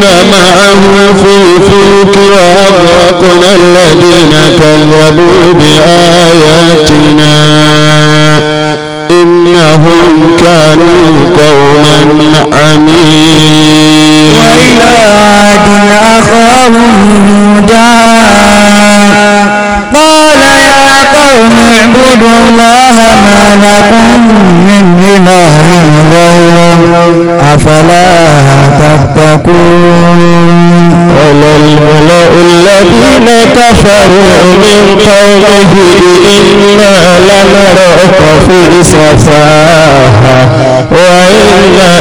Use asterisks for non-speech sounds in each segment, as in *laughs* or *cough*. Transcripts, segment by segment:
الذين معه في الفلك وأغرقنا الذين كذبوا بآياتنا إنهم كانوا فروا من قومه إنا لنراك في سفاهة وإنا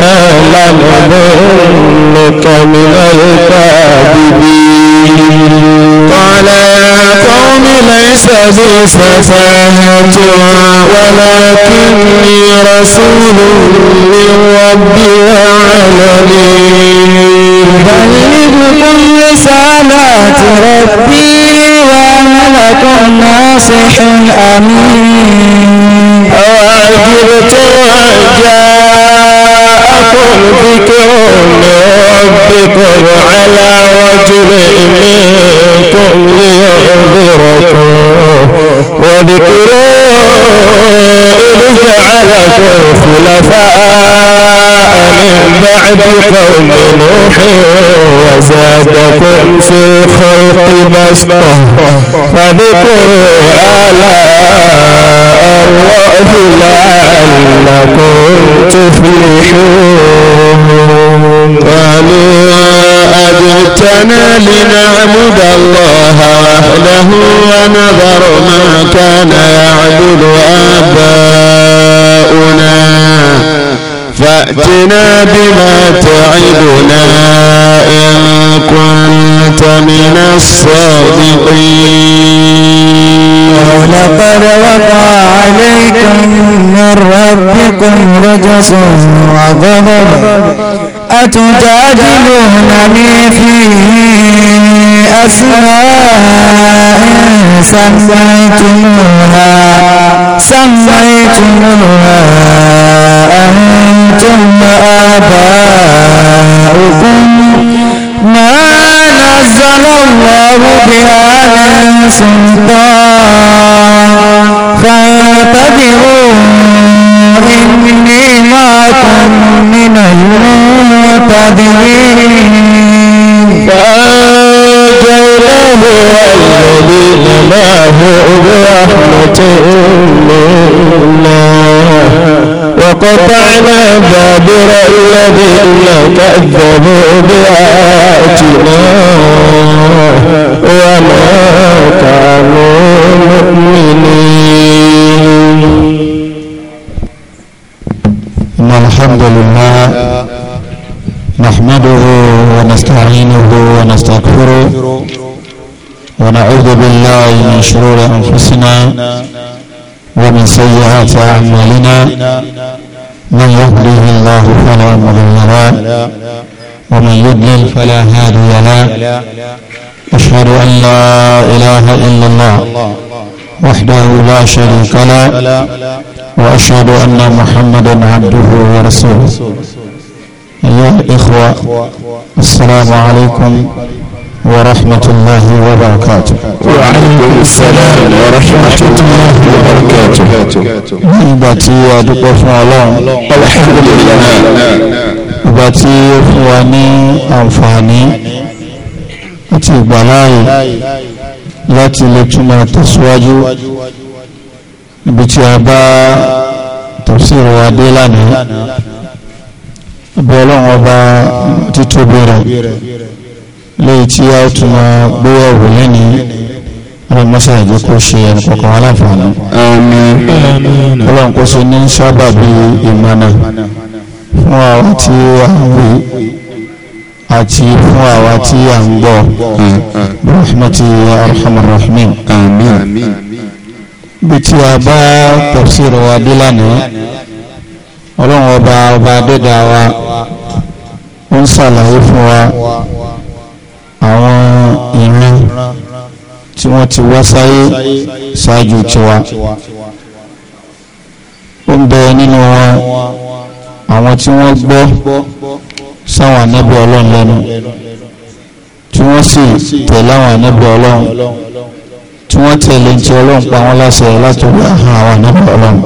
لنظنك من الكاذبين قال يا قوم ليس بي سفاهة ولكني رسول من رب العالمين بلغكم رسالات ربي آمين أعجبتم جاءكم ذكر من ربكم على رجل منكم لينذركم وذكروا إذ جعلكم خلفاء بعد قوم نوح وزادكم في خلق بسطة فاذكروا آلاء الله لعلكم تفلحون قالوا أجئتنا لنعبد الله وحده ونذر ما كان يعبد آباؤنا فأتنا بما تعدنا إن كنت من الصادقين ولقد وقع عليكم من ربكم رجس وغضب أتجادلونني في أسماء سميتموها سميتموها أنتم آباؤكم ما نزل الله بها من سلطان فانتبهوا إني معكم من المنتظرين فأنجيناه والذين معه برحمة منا وقطعنا دابر الذين كذبوا بآياتنا وما كانوا مؤمنين إن الحمد لله نحمده ونستعينه ونستغفره ونعوذ بالله من شرور أنفسنا ومن سيئات أعمالنا من يهديه الله فلا مضل له ومن يضلل فلا هادي له أشهد أن لا إله إلا الله وحده لا شريك له وأشهد أن محمدا عبده ورسوله أيها الإخوة السلام عليكم ورحمة الله وبركاته وعليكم السلام ورحمة الله وبركاته nígbàtí a dúpẹ́ fún Ọlọ́run alhamdulillah ìgbàtí ó fún wa ní àǹfààní àti ìgbàláàyè láti lè túnmọ̀ tẹ̀síwájú ibi tí a bá tafsir wa dé lánàá ọbẹ̀ Ọlọ́run ọba títóbi rẹ̀ léyìí tí a ó tún máa gbówó ẹ̀wò lẹ́ni ọlọ́mọṣẹ́ àjẹ́ kó ṣe ẹni kọ̀ọ̀kan aláǹfààní. àmín ọlọ́run kó ṣe ní sábà bí ìmọ̀nà fún àwa tí a ń wí àti fún àwa tí a ń gbọ́ rahmatu arhamar rahimin. àmín bí tí a bá tafsir wa dé lánàá ọlọ́run ọba ọba adẹ́dàá wa ó ń ṣàlàyé fún wa àwọn ìran tí wọ́n ti wá sáyé ṣáájú tiwa ó ń bẹ nínú wọn àwọn tí wọ́n gbọ́ sáwọn anábì ọlọ́run lẹ́nu tí wọ́n sì tẹ̀lé àwọn anábì ọlọ́run tí wọ́n tẹ̀lé ti ọlọ́run pa wọ́n láṣẹ látọ̀gbà àwọn anábì ọlọ́run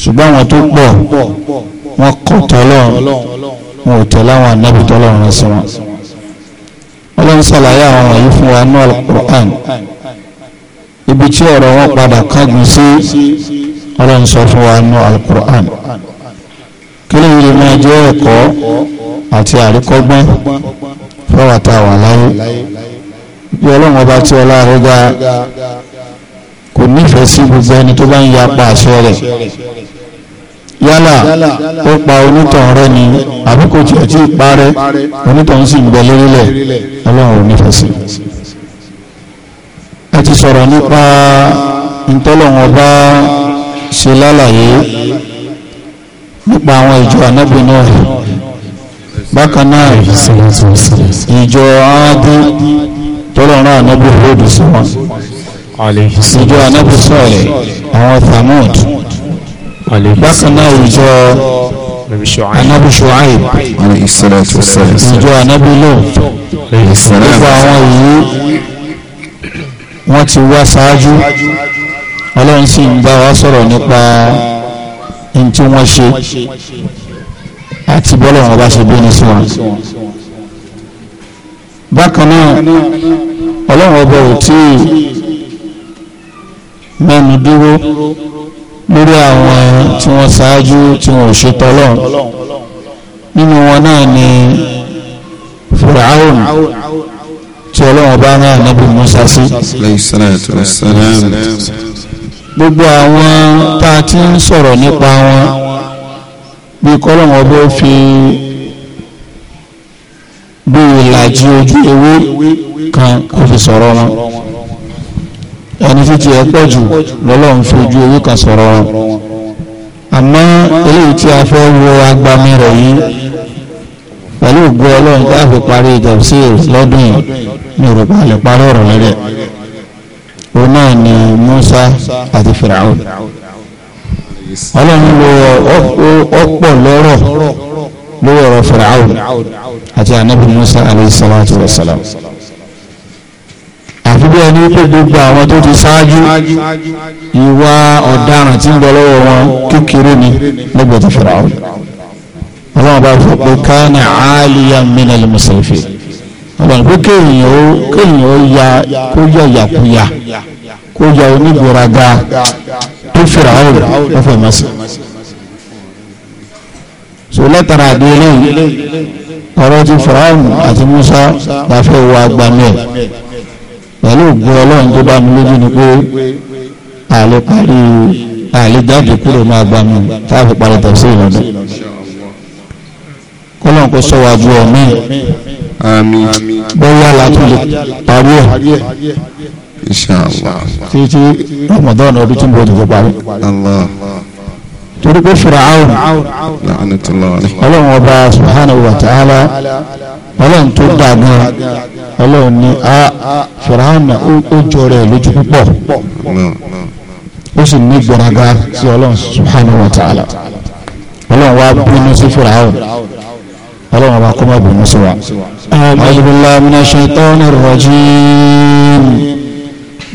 ṣùgbọ́n àwọn tó pọ̀ wọ́n kọ̀ tọ́lọ́run wọn ò tẹ̀lé àwọn anábì tọ́lọ́run rẹ̀ sí wọn ń ṣàlàyé àwọn wọ̀nyí fún wa ní alukur'an ibi tí ọ̀rọ̀ wọn padà kágun sí ọlọ́run sọ fún wa ní alukur'an kí ló lè máa jẹ́ ẹ̀kọ́ àti àríkọ́gbọ́n fọwọ́ tá wà láyé bí ọlọ́run ọba tí ọlá rẹ̀ kò nífẹ̀ẹ́ sí gbogbo ẹni tó bá ń yapa àṣẹ rẹ̀ yálà ó pa onítàn rẹ ni àbí kò tiẹ̀ tí ì parẹ́ onítàn sì ń bẹ lórílẹ̀ ọlọ́run ò nífẹ̀ẹ́ sí. ẹ ti sọ̀rọ̀ nípa ntọ́lọ́wọ́n bá ṣe lálàyé nípa àwọn ìjọ ànábì náà bákan náà ìjọ áádú tọ́lọ́run ànábì hóòdù sí wọn ìjọ ànábì sọ̀rẹ̀ àwọn thamud bákan náà ìjọ anabi shuaib ìjọ anabi lò gbogbo àwọn ìlú wọ́n ti wá ṣáájú ọlọ́run sì ń bá wa sọ̀rọ̀ nípa n tí wọ́n ṣe àti bọ́lọ̀ wọn bá ṣe bí ní sí bákan náà ọlọ́run ọba ò tí mẹ́nu dúró lórí àwọn tí wọ́n ṣáájú tí wọ́n ò ṣe tọ́lọ́run nínú wọn náà ni Fir'aun tí ọlọ́run bá rán ànábì Musa sí gbogbo àwọn tá a ti ń sọ̀rọ̀ nípa wọn bí kọ́lọ́run ọba ó fi bí ìlàjì ojú ewé kan kò fi sọ̀rọ̀ wọn ẹni títí ẹ pọ̀ jù lọ́lọ́run fi ojú owó kan sọ̀rọ̀ wọn àmọ́ eléyìí tí a fẹ́ wọ agbami rẹ̀ yìí pẹ̀lú ògbó ọlọ́run tí a fi parí ìjọsí lọ́dún yìí ní òrùka lè parí ọ̀rọ̀ lẹ́rẹ̀ òun náà ni Musa àti Firaun ọlọ́run lo ọ̀pọ̀ lọ́rọ̀ lórí ọ̀rọ̀ Firaun àti anabi Musa alayhi salatu wa salam bí ẹni pé gbogbo àwọn tó ti ṣáájú ìwà ọ̀daràn tí ń bọ̀ lọ́wọ́ wọn kékeré ni lẹ́gbẹ̀ẹ́ ti fìrà ọ́ ọlọ́run bá fọ pé kánà áàlìyà mìíràn lè mọ̀sẹ̀fẹ̀ ọlọ́run pé kéèyàn ó ya kó yọ yàkúyà kó yọ onígbòraga tó fìrà ọ́ rẹ̀ lọ́fẹ̀ẹ́ mọ́sẹ̀ so látara àdéhùn ọ̀rọ̀ ti fìrà ọ́ àti Musa láfẹ́ wọ agbami ẹ̀ pẹ̀lú ògùn ọlọ́run tó bá mi lójú ni pé àlè parí àlè jáde kúrò máa gbà mí táàbù parí tẹ̀sí ìlọ́dún kọ́lọ́n kó sọ wájú ọ̀mí bóyá látún lè parí ẹ̀ títí Ramadan ọdún tí ń bọ̀ tètè parí torí pé Fir'aun ọlọ́run ọba subhanahu wa ta'ala ọlọ́run tó dáa gan ọlọ́run ní a fìràhánà ó jọ rẹ̀ lójú púpọ̀ ó sì ní gbọ̀nàgà sí ọlọ́run subhanahu wa ta'ala ọlọ́run wa bínú sí fìràhánà ọlọ́run wa kọ́ máa bínú sí wa. a'udhu billahi minash shaitanir rajim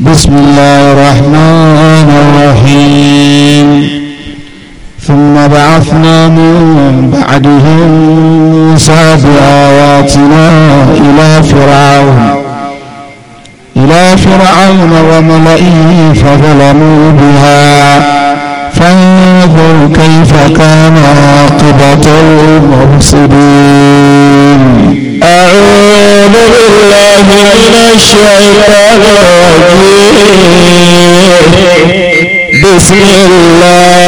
bismillahir rahmanir rahim. ثم بعثنا من بعدهم موسى بآياتنا إلى فرعون إلى فرعون وملئه فظلموا بها فانظر كيف كان عاقبة المفسدين أعوذ بالله من الشيطان الرجيم بسم الله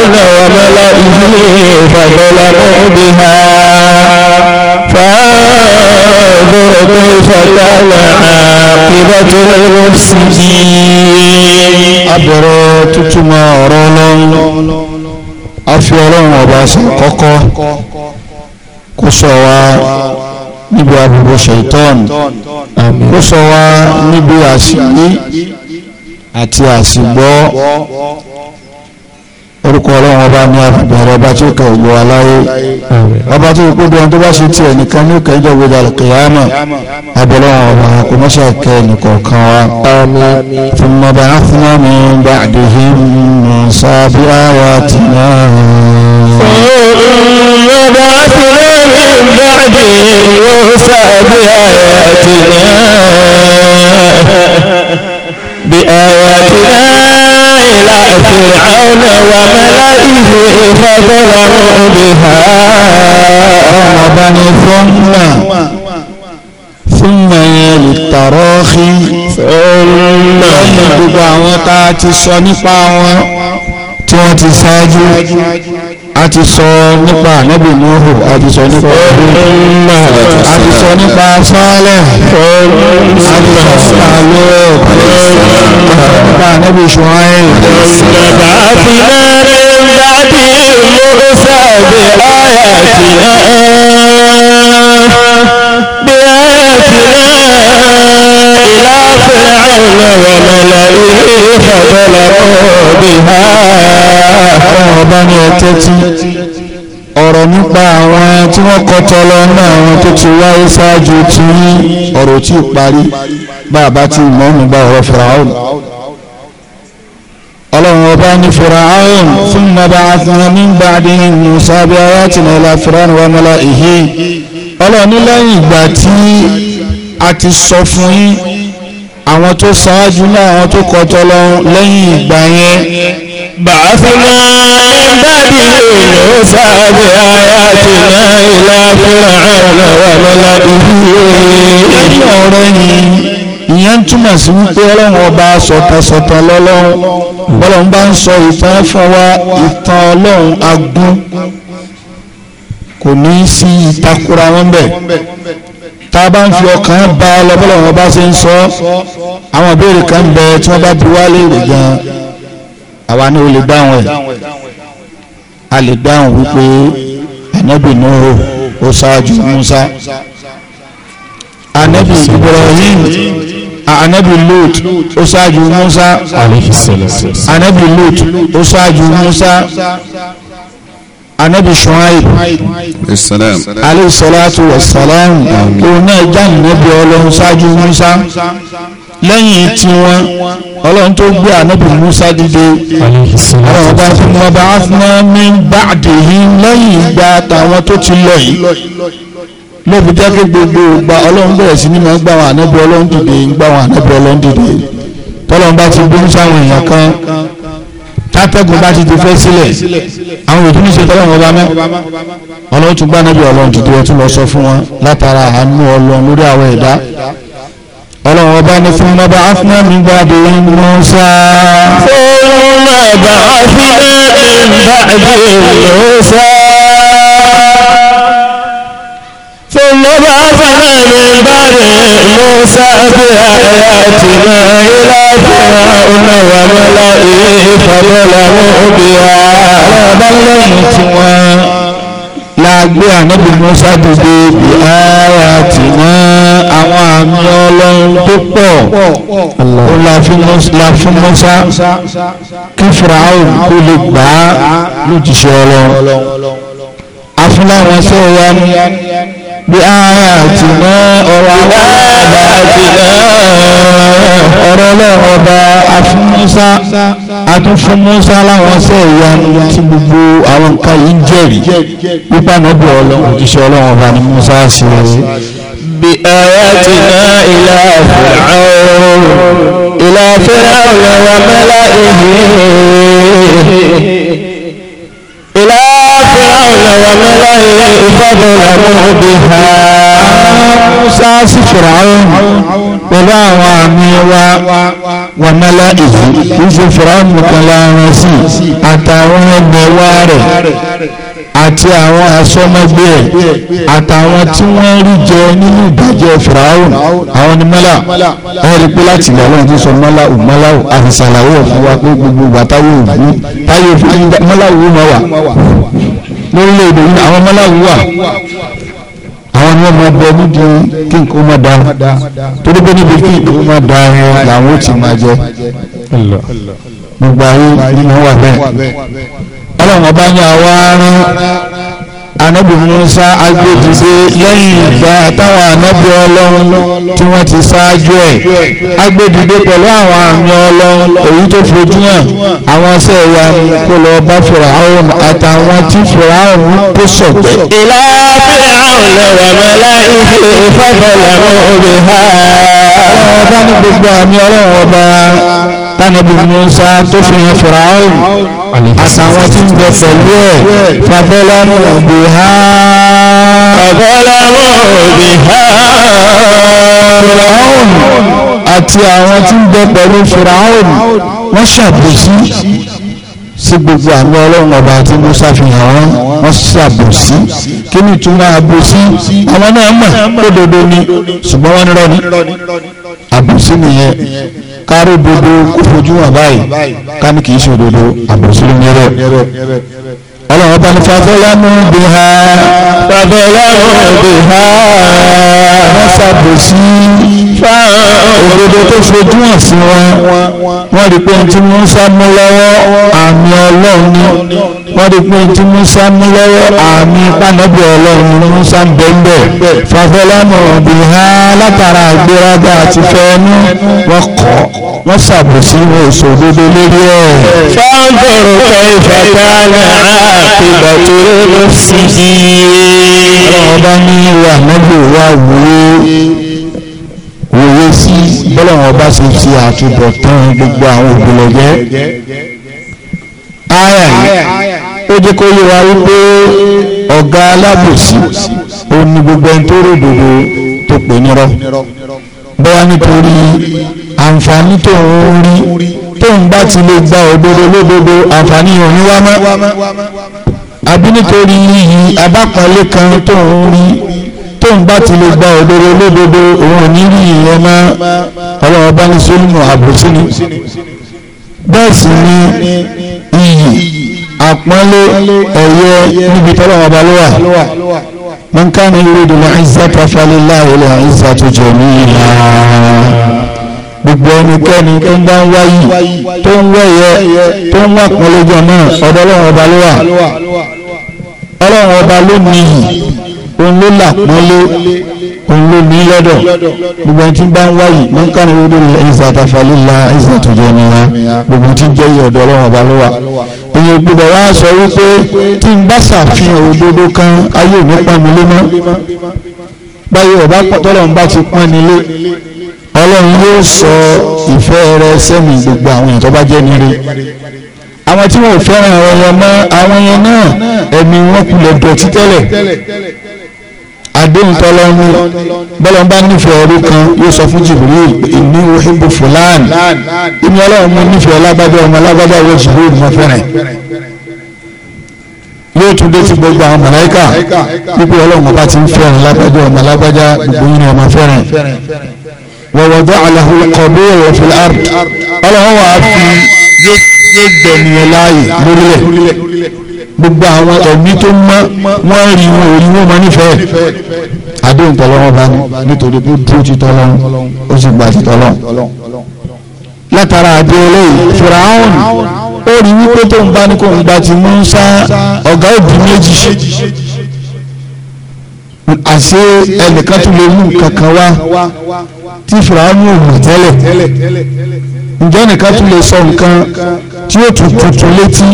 فرعون وملئه فظلموا بها فانظر كيف كان عاقبة المفسدين أبرو تتما رولون أفي رولون وباسا كوكو كسوا níbi àbùkù ṣètọ́n kó sọ wá níbi àṣìlí àti àṣìgbọ́ orúkọ ọlọ́run ọba ní àbẹ̀rẹ̀ ọba tí ó kẹ ìlú aláyé ọba tí ó kúndùn tó bá ṣe tí ẹnìkan ní òkè ìjọ gbogbo alùkìyàmọ̀ abẹ́lọ́run ọba kò mọ́ ṣe kẹ ẹnìkọ̀ọ̀kan wa. ثم بعثنا من بعدهم موسى بآياتنا. ثم بعثنا من بعدهم موسى بآياتنا. فرعون وملئه فظلموا بها رمضان ثم ثم للتراخي ثم gbogbo àwọn tá a ti sọ nípa wọn tí wọ́n ti ṣáájú a ti sọ nípa ànábì Nuhu a ti sọ nípa ọdún a ọ̀rọ̀ nípa sọ́ọ̀lẹ̀ àbíṣàlù ọ̀rọ̀ níbi ṣùwáyé. bàbá àfihàn rẹ̀ bàbí mọ́sá bí àyàtìyà bí àyàtìyà. إلى فرعون وملئه فظلموا بها رهبا يتتي ọ̀rọ̀ nípa àwọn tí wọ́n kọ́tọ́ lọ ní àwọn tó ti wáyé ṣáájú tí ọ̀rọ̀ tí ì parí bàbá tí ìmọ̀ọ́mù gba ọ̀rọ̀ fìràhùn ọlọ́run ọba ní fìràhùn fún mọba àfihàn nígbà dé musa bí ara ti nà ilà fìràhùn wà mọ́lá ìhé ọlọ́run ní lẹ́yìn ìgbà tí a ti sọ fún yín àwọn tó ṣáájú náà àwọn tó kọjọ lọ lẹ́yìn ìgbà yẹn. bàáfínà bàbí ìlú sáàbì ayatina ìlà fúnra ọlọ́wà lọ́la ìlú lẹ́yìn ọ̀rẹ́ yìí ìyẹn ń túmọ̀ sí wípé ọlọ́run ọba sọ̀tàsọ̀tàn lọ́lọ́run bọ́lọ̀ bá ń sọ ìtàn ìtàn ọlọ́run agbọ́n kò ní í sí ìtakura wọn bẹ́ẹ̀ tá a bá ń fi ọkàn bá ọlọ́bọ́lọ́wọ́ bá ṣe ń sọ àwọn ìbéèrè kan bẹ tí wọ́n bá bi wá léèrè gan àwa ni ó lè dáhùn ẹ̀ a lè dáhùn wípé ànábì Nuhu ó ṣáájú Musa ànábì Ibrahim anabi lut ó ṣáájú musa anabi lut ó ṣáájú musa anabi shuaib alayhi salatu wa salam òun náà já nínú ọlọ́run ṣáájú musa lẹ́yìn tí wọ́n ọlọ́run tó gbé anabi musa dìde ọlọ́run ọba fún wọn bá fún wọn ní báàdìhí lẹ́yìn ìgbà tàwọn tó ti lọ yìí lóbi jẹ́ gbogbo gba ọlọ́run bẹ̀rẹ̀ sí ní máa gbà wọn anabi ọlọ́run dìde gbà wọn anabi ọlọ́run dìde tọ́lọ́run ti gbóhùn sáwọn èèyàn kan tẹ́gùn bá ti ti fẹ́ sílẹ̀ àwọn òbí ní ṣe tọ́lọ́wọ́n ọba mẹ́ ọlọ́run tún gbá níbi ọlọ́run tuntun ẹ̀ lọ sọ fún wọn látara àánú ọlọ́run lórí àwọn ẹ̀dá ọlọ́run ọba ní fún ọba afúnà mi gba àdé Musa. fún ọba afúnà mi gba àdé Musa. نبعثنا من بعد موسى بآياتنا إلى فرعون وملئه فظلموا بها la gbé ànábì Mùsá dìde bí ara tì mọ́ àwọn àmì ọlọ́run tó pọ̀ ó la fún Mùsá kí Fáráò kó lè gbà á lójijì ọlọ́run afúnláwọn sọ wa ni bí ara àti mọ́ ọ̀rọ̀ àwọn ọba àti ọ̀rọ̀ ọlọ́ọ̀ba afúnmúsá atúnfúnmúsá láwọn ṣe ìyanu tí gbogbo àwọn nǹkan yìí ń jẹ́rìí pípa náà bọ̀ ọlọ́run òjíṣẹ́ ọlọ́run ọba ni Músá ṣe bí ara àti náà ilá Fir'aun ilá Fir'aun wa mala'ihi الله فضله بها ساس فرعون ولا وامي وملئه يوسف فرعون وكلامسي àtàwọn ẹgbẹ̀wá rẹ̀ àti àwọn asọ́mọgbé ẹ̀ àtàwọn tí wọ́n rí jẹ nínú ìbàjẹ́ fìràún àwọn ni mọ́là ẹ̀rí pé láti ìgbà lórílẹ̀-èdè yìí àwọn ọmọláwù wà àwọn ni wọ́n máa bẹ nídi kí nǹkan má da torí pé níbi kí nǹkan má da wọn làwọn ó ti máa jẹ gbogbo ayé ni wọ́n wà bẹ́ẹ̀ ọlọ́run ọba ní àwa rán anabi musa agbẹ́dìde lẹ́yìn ìgbà táwọn anabi ọlọ́run tí wọ́n ti ṣáájú ẹ̀ agbẹ́dìde pẹ̀lú àwọn àmì ọlọ́run èyí tó fojú hàn àwọn ṣe ẹ̀yà kó lọ bá fìràhùn àtàwọn tí fìràhùn kó sọ̀tẹ̀. ìlà fìràhùn lọ́wọ́ mẹ́lá ìfẹ́ ìfọ́fẹ́ làwọn òbí ha. ọlọ́run bá ní gbogbo àmì ọlọ́run ọba tánàbí Musa tó fi hàn Fìràún àtàwọn tí ń bẹ pẹ̀lú ẹ̀ fàbọ́lámù òbí ha fàbọ́lámù òbí ha Fìràún àti àwọn tí ń bẹ pẹ̀lú Fìràún wọ́n ṣàbòsí sí gbogbo àmì ọlọ́run ọba àti musa fi hàn wọ́n wọ́n ṣàbòsí kí ni ìtumọ̀ àbòsí àwọn náà mọ̀ lódodo ni ṣùgbọ́n wọ́n nírọ́ ni àbòsí nìyẹn kárí dodo kó fojú hàn báyìí ká ní kì í ṣe òdodo àbòsí ló ọlọ́run bá ní fàfẹ́lámù bí ha fàfẹ́lámù bí ha wọ́n ṣàbòsí òdodo tó fojú hàn sí wọn wọ́n rí pé tí Musa mú lọ́wọ́ àmì ọlọ́run ni wọ́n rí pé tí Musa mú lọ́wọ́ àmì pànẹ́bí ọlọ́run ni Musa ń bẹ́ẹ̀ bẹ́ẹ̀ fàfẹ́lámù bí ha látara àgbéraga àti fẹ́ẹ́nú wọ́n kọ́ wọ́n ṣàbòsí wọn ò ṣòdodo lórí ẹ̀. fáńgòrò kẹfàkánà àpèbà tó lọ sí i. ọlọ́run bá ní ìwà mọ́bì wà wúwo wòye sí bọ́lọ́run ọba ṣe ṣe àtúbọ̀tán gbogbo àwọn ògbólọ́jẹ́. ara yìí ó jẹ́ kó yé wa wípé ọ̀gá alábòsí ó ní gbogbo ẹni tó ròdòdó tó pè nírọ́ bọ́wá nítorí àǹfààní tó ń rí tó ń bá ti lè gba òdodo lódodo àǹfààní òní wá mọ́ àbí nítorí yìí abákanlé kan tó ń rí tó ń bá ti lè gba òdodo lódodo òun ò ní rí ìyẹn mọ́ ọlọ́wọ́ bá ní sólùmù àbòsí ni bẹ́ẹ̀ sì ni iyì àpọ́nlé ẹ̀yẹ níbi tọ́lọ́wọ́ bá ló wà. من كان يريد العزة فلله العزة جميعا gbogbo ẹnikẹ́ni tó ń bá ń wáyì tó ń wẹ̀yẹ tó ń wà pọ́n lójú ọmọ ọ̀dọ̀ ọlọ́run ọba ló wà ọlọ́run ọba ló nìyí òun ló là pọ́nlé òun ló ní lọ́dọ̀ gbogbo ẹni tí ń bá ń wáyì ló ń kánú lórí ẹ̀sà àtàfàlẹ́ la ẹ̀sà tó jẹ́ nìyà gbogbo tí ń jẹ́ iye ọ̀dọ̀ ọlọ́run ọba ló wà èyàn gbogbo wa sọ wípé tí ń bá ṣàfihàn òdodo kan ayé ò pọ́n mi lé mọ́ báyìí ọba tọ́lọ́run bá ti pọ́n nílé ọlọ́run yóò sọ ìfẹ́ rẹ sẹ́mi gbogbo àwọn èèyàn tó bá jẹ́ ní rí àwọn tí wọn ò fẹ́ràn ọ̀rọ̀ mọ́ àwọn yẹn náà ẹ̀mí wọn kulẹ̀ dọ̀tí tẹ́lẹ̀ àdéhùn tọ́lọ́mú bọ́lá ń bá nífẹ̀ẹ́ ẹrú kan yóò sọ fún Jibril ìní òhìnbó fúlàn ìní ọlọ́run mú nífẹ̀ẹ́ alábàdé ọmọ alábàdé àwọn Jibril mọ́ fẹ́ràn yóò tún dé ti gbogbo àwọn màláíkà pípé ọlọ́run ọba ti ń fẹ́ràn alábàdé ọmọ alábàdé gbogbo yìí ni ọmọ fẹ́ràn. ووضع له kọ̀bí ìwọ̀fìlà الأرض ọlọ́wọ́ هو fi yégbẹ̀ nìyẹn láàyè lórílẹ̀ gbogbo àwọn ẹ̀mí tó mọ́ wọ́n rí wọn ò rí wọn mọ́ nífẹ̀ẹ́ àdéhùn tọ́lọ́wọ́n bá ní nítorí pé dúró ti tọ́lọ́wọ́n ó sì gbà ti tọ́lọ́wọ́n látara àdé eléyìí fìràhùn ó rí wípé tó ń bá ní kó ń gba ti Mùsá ọ̀gá òbí méjì àṣé ẹnìkan tún lè mú nǹkan wá tí fìràánù òmù tẹ́lẹ̀ ǹjẹ́ nìkan tún lè sọ nǹkan tí ó tún tuntun létí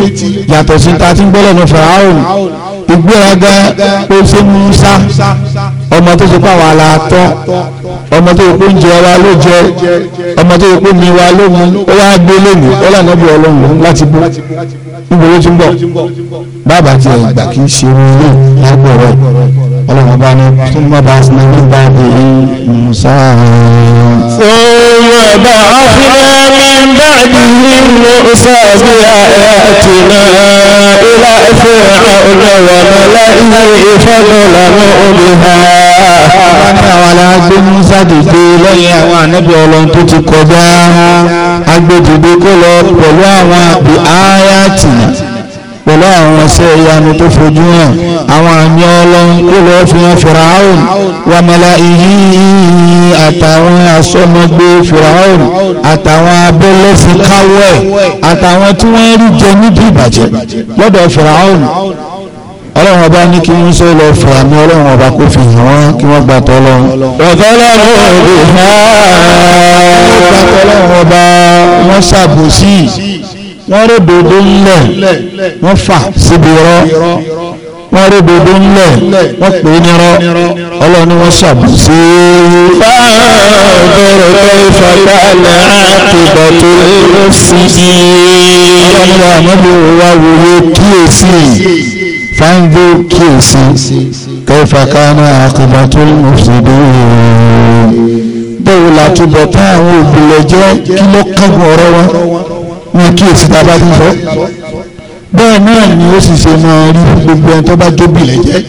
yàtọ̀ sí ta tí ń gbọ́dọ̀ ní fìràánù ìgbéraga ó ṣe Mùsá ọmọ tó ṣe pàwọn aláàtọ ọmọ tó yẹ kó ń jẹ wa ló jẹ ọmọ tó yẹ kó mi wa ló mu ó wá gbé lónìí ó lànà bí Ọlọ́run láti bú níbo ló ti ń bọ̀ bàbá tiẹ̀ ìgbà kì í ṣe wọn náà lágbọ̀rọ̀ ọlọ́run bá ní tó má bá sinmi ní bá di musa. sọ́wọ́ bá fúnra mi bá di musa bí ayati náà ilá ẹ̀fẹ́ ọ̀nà wọ̀nà láìní ìfọ́nà lànà musa dìde kó lọ pẹ̀lú àwọn àbí ayati náà pẹ̀lú àwọn ọ̀sẹ̀ ìyanu tó fojú hàn àwọn àmì ọlọ́run kó lọ́ọ́ fi hàn fìràhùn wà mọ́lá ìhí àtàwọn asọ́mọgbé fìràhùn àtàwọn abẹ́lẹ́sìn káwọ́ ẹ̀ àtàwọn tí wọ́n rí jẹ níbi ìbàjẹ́ lọ́dọ̀ fìràhùn ọlọ́run ọba ní kí wọ́n sọ lọ fà ní ọlọ́run ọba kó fi hàn wọ́n kí wọ́n gbà tọ́lọ́run. wọ́n ṣàbòsí wọ́n rí dodo ńlẹ̀ wọ́n fà síbi rọ́ wọ́n rí dodo ńlẹ̀ wọ́n pè é nírọ́ ọlọ́ni wọ́n ṣàbùsí. báàbẹ̀rẹ̀ tó ìfàkàlẹ̀ àtìgbà tó lọ sí i. ọlọ́ni wa àmọ́bí wa wòye kíyèsí fáńgbó kíyèsí kẹfàkàlẹ̀ àtìgbà tó lọ sí i. bẹ́ẹ̀ la túbọ̀ tá àwọn òbí lọ kí ló kángun ọ̀rọ̀ wa máa kíyèsí tá a bá ti sọ bẹ́ẹ̀ náà ni ó sì ṣe máa rí gbogbo ẹni tó bá jóbi lẹ́jẹ́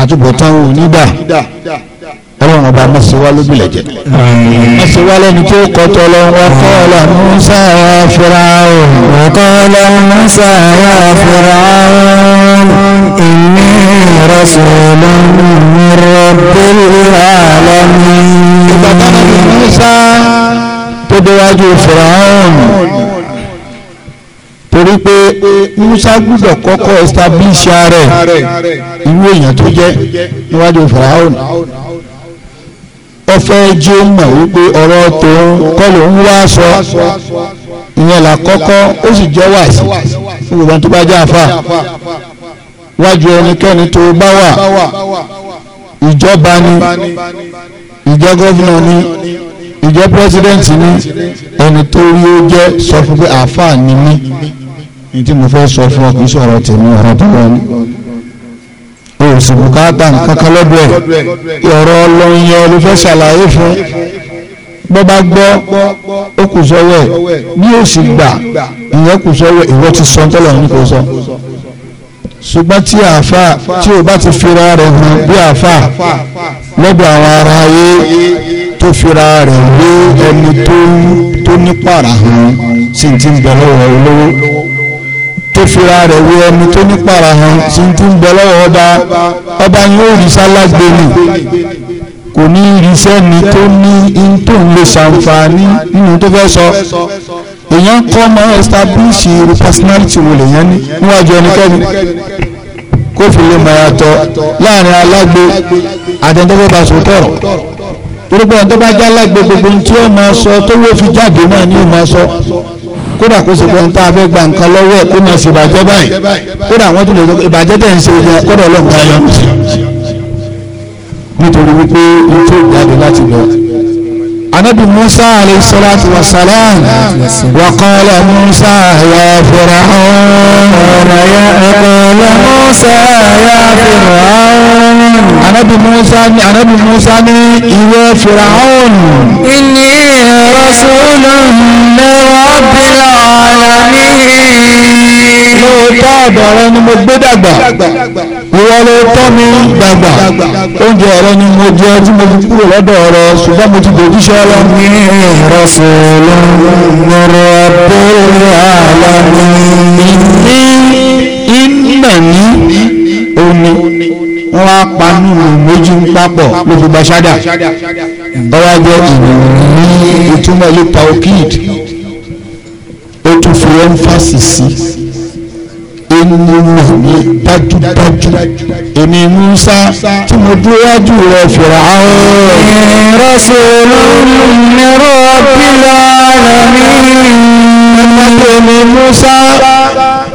àtúbọ̀tán ò ní dà ọlọ́run ọba mọ̀síwá ló gbilẹ̀ jẹ. mọ̀síwá lẹ́ni tó kọ́tọ́ lọ ọkọ́ ọ̀la musa wa Fir'aun. ọkọ́ ọ̀la musa wa Fir'aun. inni rasulun min rabbil alamin. ìgbà táwọn musa tó déwájú fìràhàn torí pé e, musa gbúdọ̀ kọ́kọ́ establish rẹ̀ irú èèyàn tó jẹ́ níwájú fìràhàn ọfẹ́ jí ó mọ̀ wípé ọ̀rọ̀ tó kọ́ ló ń wá sọ ìyẹn là kọ́kọ́ ó sì jẹ́ wàásì fún ìwọ̀n tó bá jẹ́ àfà wájú ẹnikẹ́ni tó bá wà ìjọba ni ìjẹ́ gọ́vnà ni ìjẹ́ pírẹsidẹ́ǹtì ní ẹni tó rí ó jẹ́ sọ fún pé àáfàá ni mí ní tí mo fẹ́ sọ fún ọ kì í sọ̀rọ̀ tèmi ọ̀rọ̀ tó wọ́n ní òsì bùkátà nǹkankan lọ́dọ̀ ẹ̀ ọ̀rọ̀ ọlọ́yin ọ ló fẹ́ ṣàlàyé fún bọ́ bá gbọ́ ó kù sọ́wọ́ ẹ̀ ní òsì gbà ìyẹn kù sọ́wọ́ ìwọ ti sọ tọ́lọ̀ ní kò sọ ṣùgbọ́n tí àáfà tí o bá ti fira rẹ̀ hàn bí àáfà lọ́dọ̀ àwọn ará ayé tó fira rẹ̀ wé ẹni tó ní pàrà hàn sí ti ń bẹ lọ́wọ́ olówó tó fira rẹ̀ wé ẹni tó ní pàrà hàn sí ti ń bẹ lọ́wọ́ ọba ọba yóò rí sálágbé ni kò ní rí sẹ́ni tó ní in tó ń lè ṣàǹfààní nínú tó fẹ́ sọ èèyàn kọ́ máa establish irú personality wo lèèyàn ní níwájú ẹnikẹ́ni kó fi láàrin alágbe àtẹ̀ńtẹ́fẹ́ bá sòtọ̀rọ̀ torípé ẹni tó bá já lágbo gbogbo tí ó máa sọ tó wó fi jáde náà ni ó máa sọ kódà kó sèpọ̀ ń tá gba nǹkan lọ́wọ́ kó máa ṣe ìbàjẹ́ báyìí kódà àwọn tó lè sọ ìbàjẹ́ tẹ̀ ń ṣe ìyẹn kódà ọlọ́run ayọ̀ nítorí wípé ní tó jáde láti lọ. anabi musa alayhi salatu wa salam wa qala musa ya fir'aun ya qala musa ya fir'aun anabi musa ní anabi musa ní ìwọ firaun. inni rasulun lirabbil alamin. lóòótọ́ ọ̀dọ̀ rẹ ni mo gbé dàgbà ìwọ ló tọ́ mi dàgbà oúnjẹ rẹ ni mo jẹ tí mo fi kúrò lọ́dọ̀ rẹ ṣùgbọ́n mo ti dòjíṣẹ́ lọ. inni rasulun lirabbil alamin. ìní ìnà ní wọ́n wá panú méjì ń papọ̀ ló fi gba ṣádà bọ́wá jẹ́ ìròyìn ìtumọ̀ ló ta ó tún fi ẹ́ńfàsì sí ẹnu mọ̀ ní dájúdájú èmi Musa tí mo dúró wájú rẹ̀ fìrà áwọ̀. rasulun min rabbil alamin. ẹ̀ka tó èmi Musa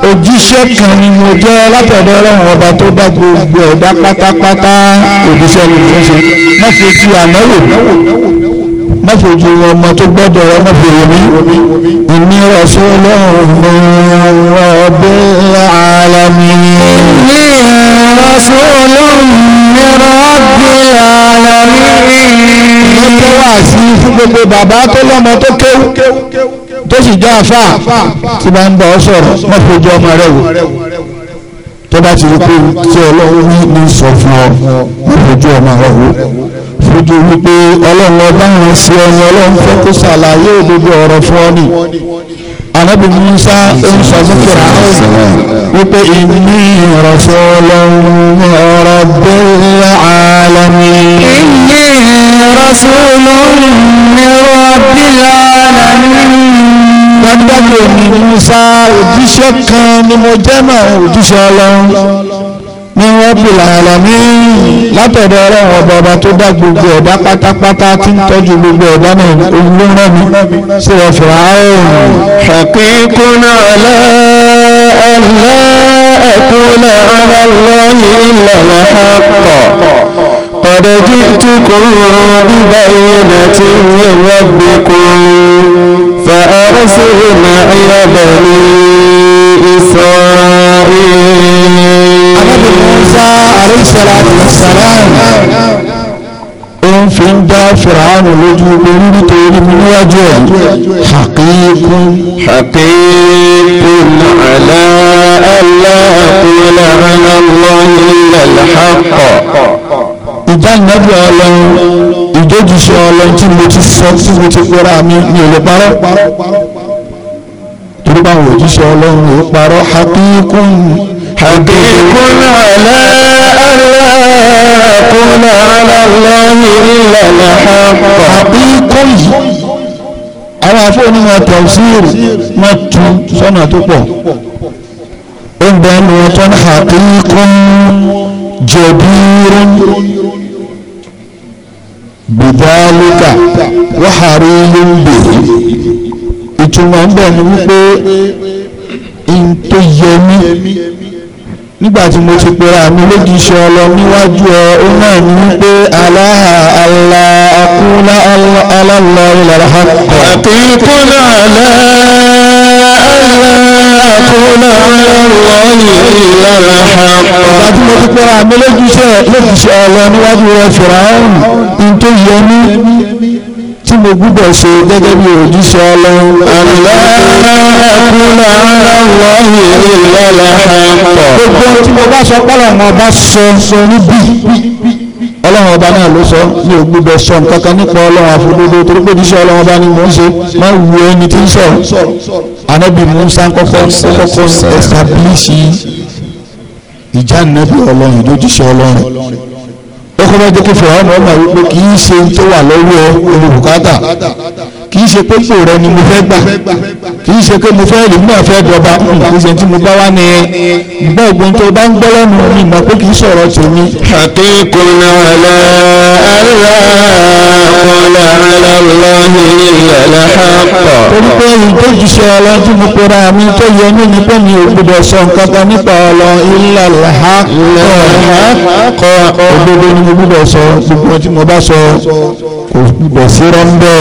òjíṣẹ́ kan ni mo jẹ́ látọ̀dọ̀ ọlọ́run ọba tó bá gbogbo ẹ̀dá pátápátá òjíṣẹ́ ni mo ṣe má fi ojú àná wò má fi ojú ọmọ tó gbọ́dọ̀ ọmọ fi wò ìní ọ̀ṣọ́ ọlọ́run ọbẹ̀ alami. ìní ọ̀ṣọ́ ọlọ́run ọbẹ̀ alami. mo tẹ́wọ́ àti fún gbogbo bàbá tó lọ́mọ tó kéwú sì jọ àfà tí bá ń bá ọ sọ̀rọ̀ wọ́n fojú ọmọ rẹ̀ wò tó bá ti rí pé tí ọlọ́run wí ní sọ fún ọ wọ́n fojú ọmọ rẹ̀ wò fojú wípé ọlọ́run ọba ń ṣe ẹni ọlọ́run fẹ́ kó ṣàlàyé òdodo ọ̀rọ̀ fún ọ ni anabi musa ń sọ fún fìràwọ̀ wípé ìní ìrọ̀sọ̀ lọ́wọ́ ọ̀rọ̀ bẹ́ẹ̀ alami. ìní ìrọ̀sọ̀ lọ́wọ́ ọ̀rọ̀ bẹ́ẹ̀ alami ní èmi Musa òjíṣẹ́ kan ni mo jẹ́ náà òjíṣẹ́ ọlọ́run ní wọ́n pè làálà ní látọ̀dọ̀ ọlọ́run ọba ọba tó dá gbogbo ẹ̀dá pátápátá tí ń tọ́jú gbogbo ẹ̀dá náà ló rán mi sí ọ̀fọ̀ ààrùn. ṣàkíkún náà lẹ́ẹ̀lẹ́ ẹ̀kún náà ọlọ́run ilẹ̀ lọ́kọ̀. قد جئتكم ببينة من ربكم فأرسل معي بني إسرائيل النبي موسى عليه الصلاة والسلام fi ń dá fìràánù lójú orí nítorí níwájú ẹ̀ ṣàkíyíkún ṣàkíyíkún àlá aláàkúnlẹ̀ rẹ̀ lọ́wọ́ ilẹ̀ ìjà ìnáwó ọlọ́run bójú ṣe ọlọ́run tí mo ti sọ tí mo ti pera mi mi ò lè parọ́ torí báwọn òjíṣẹ́ ọlọ́run ò parọ́ hakíkún hakíkún àlẹ́ àlẹ́kùn àlọ́lọ́run ilẹ̀ lẹ́hàpọ̀ hakíkún yìí àwọn afọ́ni wọn tẹ̀síìrì wọn tu sọ́nà tó pọ̀ ó ń bẹ́ẹ̀ ni wọ́n tọ́ ní hakíkún jẹ̀bírún bìdálíkà wàhálà olóńgbè ìtumọ̀ ń bẹ̀ ni wípé n tó yẹ mí nígbà tí mo ti pera mi lójú iṣẹ́ ọlọ níwájú ẹ ó náà ní wípé aláha alá akúlá alálọ́ ìlàlá àkọ́. àkíkúnlá alá alá àkúnná lọ́wọ́ yìí lára àpá. Ìgbà tí mo ti pẹ́ra mi lójúṣẹ́ lójúṣẹ́ ọlọ níwájú rẹ̀ fìrà ọ̀hún ní tó yẹ mí tí mo gbúdọ̀ ṣe gẹ́gẹ́ bí òjíṣẹ́ ọlọ́run. Àlá àkúnná lọ́wọ́ yìí lára àpá. Gbogbo tí mo bá sọ pọ́lọ̀ wọn bá sọ níbí ọlọ́run ọba náà ló sọ ní ògbúdọ̀ sọ nǹkan kan nípa ọlọ́run àfọdódó torí pé òjíṣẹ́ ọlọ́run ọba ni mò ń ṣe máa wù ẹni tí ń sọ̀rọ̀ anabi musa kọ́kọ́ kọ́kọ́ ẹsitabilisi ìjà nàbí ọlọ́run ìdójúṣe ọlọ́run ó kọ́ bá jẹ́ kí fìlà ọmọ ọmọ wípé kì í ṣe tó wà lọ́wọ́ olùbùkátà kì í ṣe pé kò rẹ ni mo fẹ́ gbà kì í ṣe pé mo fẹ́ rí náà fẹ́ dọba ìṣe tí mo bá wá ní ẹ gbọ́ ògùn tó bá ń gbọ́ lẹ́nu mi mọ̀ pé kì í sọ̀rọ̀ tèmi. àkínkùnà àlẹ́ àlẹ́ àlẹ́ lọ́hìn ìlẹ̀ àpọ̀. torí pé ìgbójúṣe ọlọ́jú mi pera mi tó yẹ mí ni pé mi ò gbọdọ̀ sọ nǹkan kan nípa ọlọ ilẹ̀ àpọ̀ òdodo ni mo gbọdọ̀ sọ gbogbo tí mo bá sọ kò gbọ́dọ̀ sí rọ́ńbẹ́.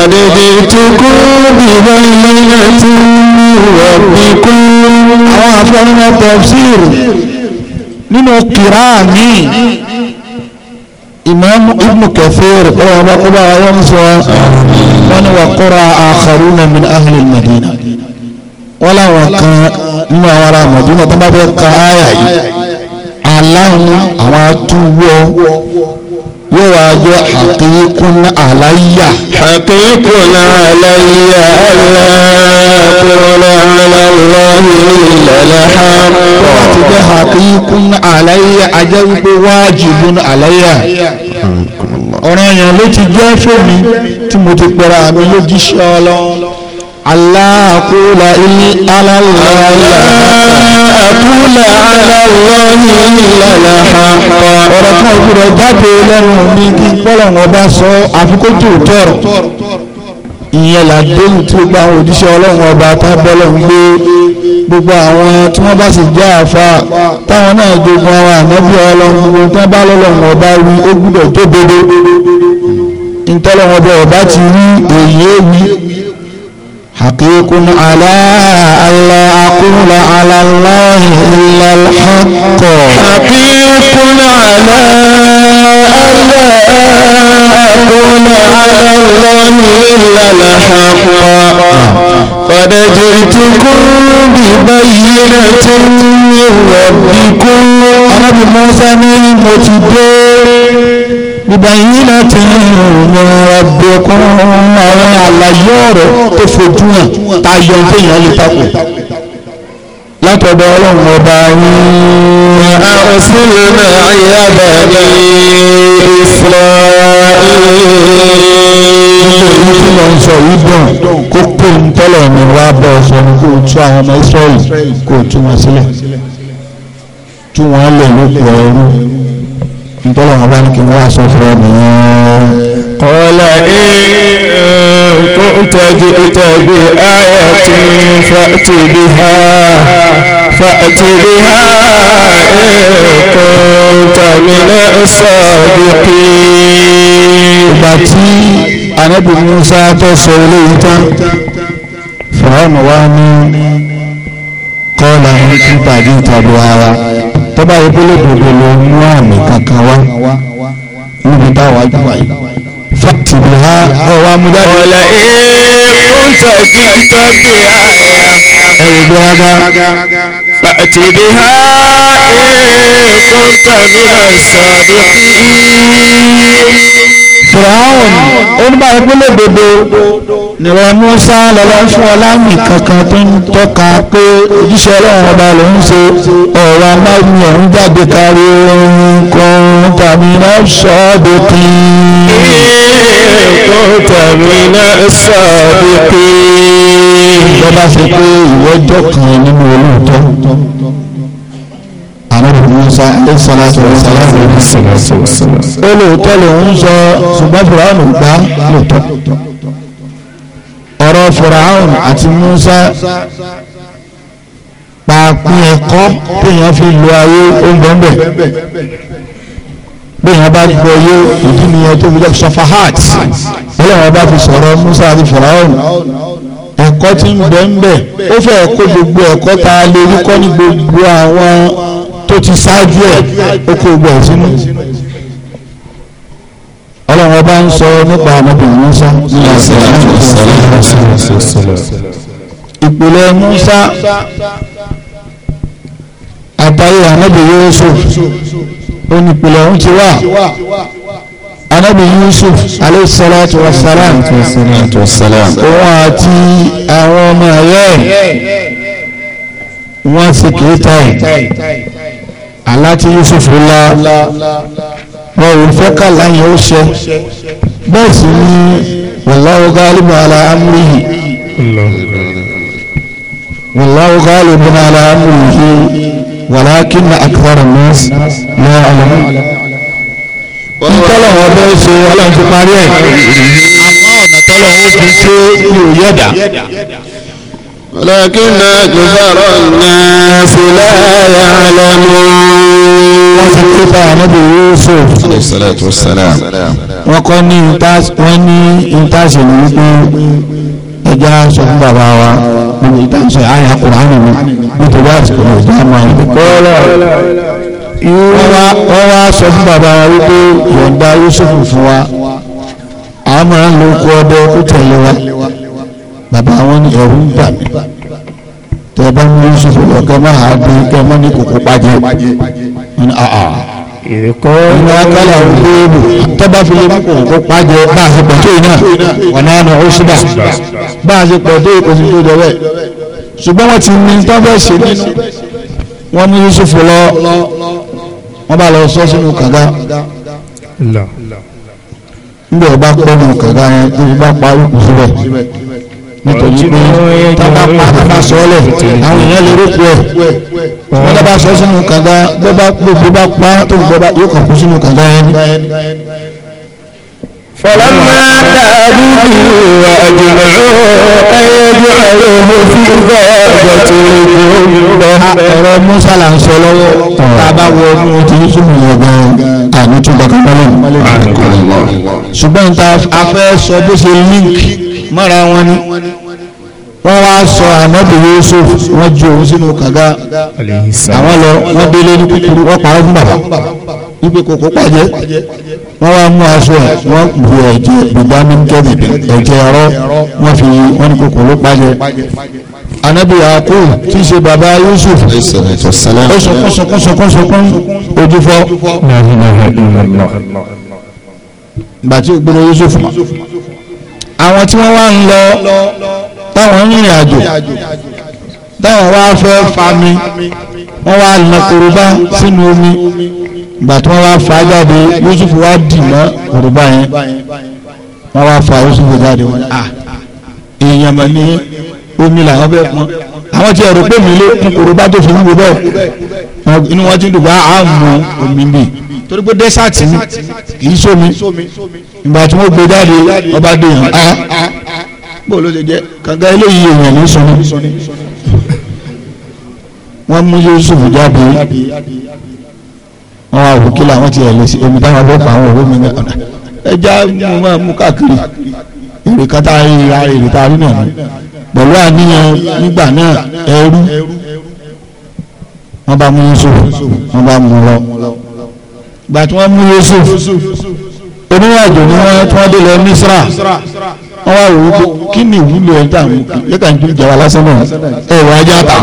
ọ̀dẹ̀dẹ̀ tó kú bíbá ìlànà tí wọ́n fi kú. àwọn afẹ́rẹ́mọ́ tafsir nínú kìrá mi imaamu ibnu kathir ọba ọba sọ wọn ni wà kóra akharuna min ahli madina wọn làwọn kan nínú àwọn ará madina tó bá fẹ́ ka àyà yìí aláwọn àwọn atúwọ́ yóò wá jẹ́ àkínkún àláyà. àkínkún àláyà aláàbọ̀lá aláàlọ́yìnlẹ́lẹ́ àpọ̀. wọ́n ti jẹ́ àkínkún àláyà ajẹ́ wípé wájibun àláyà. ọ̀ranyàn ló ti jẹ́ fèmí tí mo ti pẹ̀ra mi lójúṣe ọlọ́run aláàkúlà ilé aláàlá àkúlà aláàlọ́yìn ìlànà àpọ̀ ọ̀rọ̀ kan ìgbìrọ̀ jáde lẹ́nu mi kí pọ́lọ̀ wọn bá sọ àfikójú tọ̀rọ̀ ìyẹn làdéhùn tí gbogbo àwọn òjíṣẹ́ ọlọ́run ọba tábọ́lọ̀ ń gbé gbogbo àwọn tí wọ́n bá sì jẹ́ àfa táwọn náà gbogbo àwọn ànábì ọlọ́run gbogbo tí wọ́n bá lọ́lọ́run ọba wí ó gbúdọ̀ tó dodo ntọ́lọ́run ọba ọba ti rí èyí èyí حقيق على ألا أقول على الله إلا الحق حقيق على ألا أقول على الله إلا الحق قد جئتكم ببينة من ربكم أنا موسى من متدين ببينة من ربكم àwọn àlàyé ọ̀rọ̀ tó fojú hàn tá a yọ nǹkan yẹn lè takò látọ̀dọ̀ ọlọ́run ọba yín. àrùsílẹ̀ náà yá bẹ̀rẹ̀ Israẹ́lì. èyí tí wọ́n sọ yìí dùn kó pè ń tọ́lọ̀ ní wá bọ̀ ọ̀sán ni kó tú àwọn ọmọ Israẹ́lì kó tú wọn sílẹ̀ tú wọn lẹ̀ lóko ẹrú ntọ́lọ̀ wọn bá ní kí wọ́n aṣọ fún ọmọ yẹn. kọ́lá in tọ́jú ìtọ́jú ayati fa'ti biha fa'ti biha Musa tó sọ eléyìí tán fọ́ọ̀mù wa ní kọ́lá ní kí bàdí ìtàbí ara tọ́ba yẹ pẹ́lẹ́ gbogbo ló mú àmì kankan wá níbi táwa jù wáyé fati bi ha ọwọ́ amúdájú. ọ̀la ee kúnta gíga àyà. ẹ wò bí aga. fati bi ha fìràhùn onígbà ìpínlẹ̀ gbogbo nìrọ̀ musa lọ́wọ́ fún ọlámì kankan tó ń tọ́ka pé ojúṣe ọlọ́run ọba ló ń ṣe ọ̀rọ̀ aláìní ẹ̀ ń jáde kárí ohun kan tàbí náà sọ́ọ́dù kí. kan tàbí náà sọ́ọ́dù kí. ìjọba ṣe pé ìwọ́jọ́ kan nínú olóòótọ́. Musa aleyhisalatu wasalam ó lóòótọ́ lòun ń sọ ṣùgbọ́n fìràwọ̀n gbá lóòótọ́ ọ̀rọ̀ fìràwọ̀n àti Musa pàápín ẹ̀kọ́ téèyàn fi lo ayé oúnjẹ bẹ́ẹ̀yàn bá gbọ́ yé ìdí nìyẹn tó fi jẹ́ safahat bẹ́ẹ̀yàn bá fi sọ̀rọ̀ Musa àti fìràwọ̀n ẹ̀kọ́ tí ń bẹ ń bẹ ó fẹ́ kó gbogbo ẹ̀kọ́ tá a lè rí kọ́ ní gbogbo àwọn tó ti ṣáájú ẹ̀ ó kó gbọ́ ẹ̀ sínú. ọlọ́run ọba ń sọ nípa ọmọbìnrin Musa ní ẹsẹ̀ ìpìlẹ̀ Musa àtàyè ànábì Yusuf ó ní ìpìlẹ̀ ọ̀hún ti wà ànábì Yusuf alayhi salatu wa salam òun àti àwọn ọmọ ẹ̀yẹ́ wọ́n sì kìí táyì aláti Yusuf la wọn ò fẹ́ kàlà yẹn ó ṣe bẹ́ẹ̀ sì ni wallahu ghalibu ala amrihi wallahu ghalibu ala amrihi walakinna akthara an-nas la ya'lamun tọ́lọ̀wọ́ bẹ́ẹ̀ ṣe ọlọ́run ti parí ẹ̀ àmọ́ ọ̀nà tọ́lọ̀wọ́ fi ṣe ní òyẹ̀dá ولكن أكثر الناس لا يعلمون wọ́n ti ké bá ànábì Yusuf wọ́n kọ́ ní wọ́n ní intaṣe ní wípé ẹja sọ fún bàbá wa níbi ìtàṣe àyà kùránì mi nítorí àsìkò ìjà máa ń bọ̀. wọ́n wá sọ fún bàbá wa wípé yọ̀ǹda Yusuf fún wa àwọn mìíràn ló kú ọdẹ ó tẹ̀lé wa bàbá wọn ní ẹ̀rù ń bà mí tẹ bá mú Yusuf lọ kẹ má ha dín kẹ má ní kókó pàjẹ ní àà ìrìkọ́ ní akálà òkúrò tọ́ba fi lè mú kókó pàjẹ bá a ṣe pọ̀ tó iná ọ̀nà àná ó ṣúgbà bá a ṣe pọ̀ tó ìkòsí tó jẹ bẹ́ẹ̀ ṣùgbọ́n wọ́n ti ní tọ́fẹ́ ṣe nínú wọ́n mú Yusuf lọ wọ́n bá lọ sọ sínú kànga nígbà ọba pẹ́ nù kànga yẹn tó fi bá parí kù síbẹ̀ nítorí pé tábà pàtàkì sọ́ọ̀lẹ̀ àwọn èèyàn lè rókù ẹ̀ wọ́n dábà sọ sínú kànga bó bá bá pa tó bó yóò kàn kú sínú kànga ẹni. فلما دعوه وأجمعوا أن يجعلوه في غابة الجنة ọ̀rọ̀ Musa là ń sọ lọ́wọ́ tá a bá wọ ọmọ tí Yusuf gan-an àní tún bàkà mọ́lẹ̀ ṣùgbọ́n ta afẹ́ sọ bó ṣe link mọ́ra wọn ni wọ́n wá sọ ànábì Yusuf wọ́n ju òun sínú kàga àwọn lọ wọ́n délé ní kúkúrú wọ́n pàrọ̀ fún bàbá wípé kòkó pàjẹ́ wọ́n wá mú aṣọ ẹ̀ wọ́n bu ẹ̀jẹ̀ gbígbá ní kẹ́bì ẹ̀jẹ̀ ẹ̀rọ wọ́n fi wọ́n ní kòkó ló pàjẹ́ anabi yakub tí í ṣe baba yusuf ó sọkún sọkún sọkún sọkún ojú fọ. bàtí ògbóná yusuf ma àwọn tí wọ́n wá ń lọ táwọn ń rìnrìn àjò táwọn wá fẹ́ fami wọ́n wá na korobá sínú omi ìgbà tí wọ́n wá fa jáde yusuf wá dì mọ́ korobá yẹn wọ́n wá fa yusuf jáde wọn à èèyàn mọ̀ ní omi làwọn fẹ́ pọn àwọn tí ẹ̀rọ pé mi ló kún korobá tó fi wúwo bẹ́ẹ̀ inú wọn ti dùn bá a mọ omi bì torí pé dẹ́sàtì ni kì í sómi ìgbà tí wọ́n gbé jáde ọba dé yàn á bó ló ṣe jẹ́ kànga eléyìí èèyàn ló sọ ni wọ́n mú Yusuf jáde wọ́n wá òkú kílà wọ́n ti ẹ̀ sí omi táwọn bẹ́ẹ̀ pa òwò mi ní ọ̀nà ẹja mú káàkiri èrè kátà èrè tá a rí náà pẹ̀lú àníyàn nígbà náà ẹrú wọ́n bá mú Yusuf wọ́n bá mú lọ gbà tí wọ́n mú Yusuf oníwàjò ni wọ́n tí wọ́n dé lọ Misra wọ́n wá wò ó kí ni ìwúlò ẹ̀ ń tà mú kí yẹ́kà ń tún jẹ́ wa lásán náà ẹ̀ wọ́n ajá ta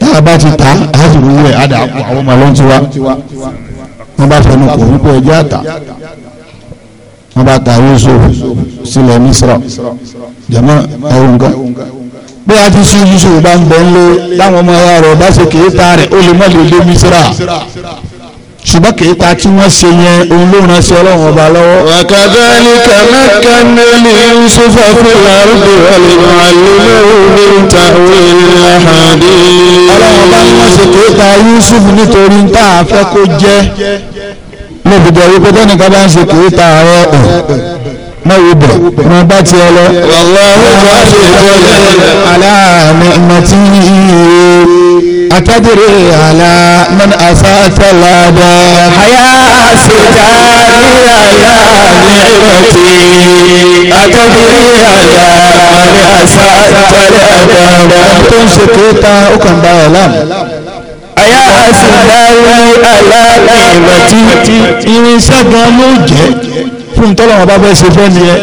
tá a bá ti ta a sì rú rẹ̀ á dà àwọn ọmọ lọ́n ti wá wọ́n bá fẹnu kò wípé ẹjọ́ àtà wọ́n bá ta Yusuf sílẹ̀ Misra jama ẹ̀wọ̀n kan bí a ti sún Yusuf bá ń bọ̀ ń lé láwọn ọmọ ẹ̀yà rẹ̀ bá ṣe kì í ta rẹ̀ ó lè má lè dé Misra ṣùgbọ́n kì í ta tí wọ́n ṣe yẹn òun ló ràn sí ọlọ́run ọba lọ́wọ́. wakadhalika makkanna li yusufa fil ardi wa linu'allimahu min ta'wil ahadith. ọlọ́run ọba ń wọ́n ṣe kì í ta Yusuf nítorí ń tà á kó jẹ́ ló fi jẹ́ wípé tó nìkan bá ń ṣe kìí ta àárọ̀ ẹ̀ mọ ibẹ̀ mọ bá ti ẹ lọ. wàláhùn ala man asata lada haya sitani ala ni'mati atadiri ala man asata lada. tó ń ṣe kìí yá àṣìláwí aláàmìmọ̀tí irinṣẹ́ gan ló jẹ́ fún tọ́lọ̀wọ̀n bá bẹ́ẹ̀ ṣe fẹ́ ni ẹ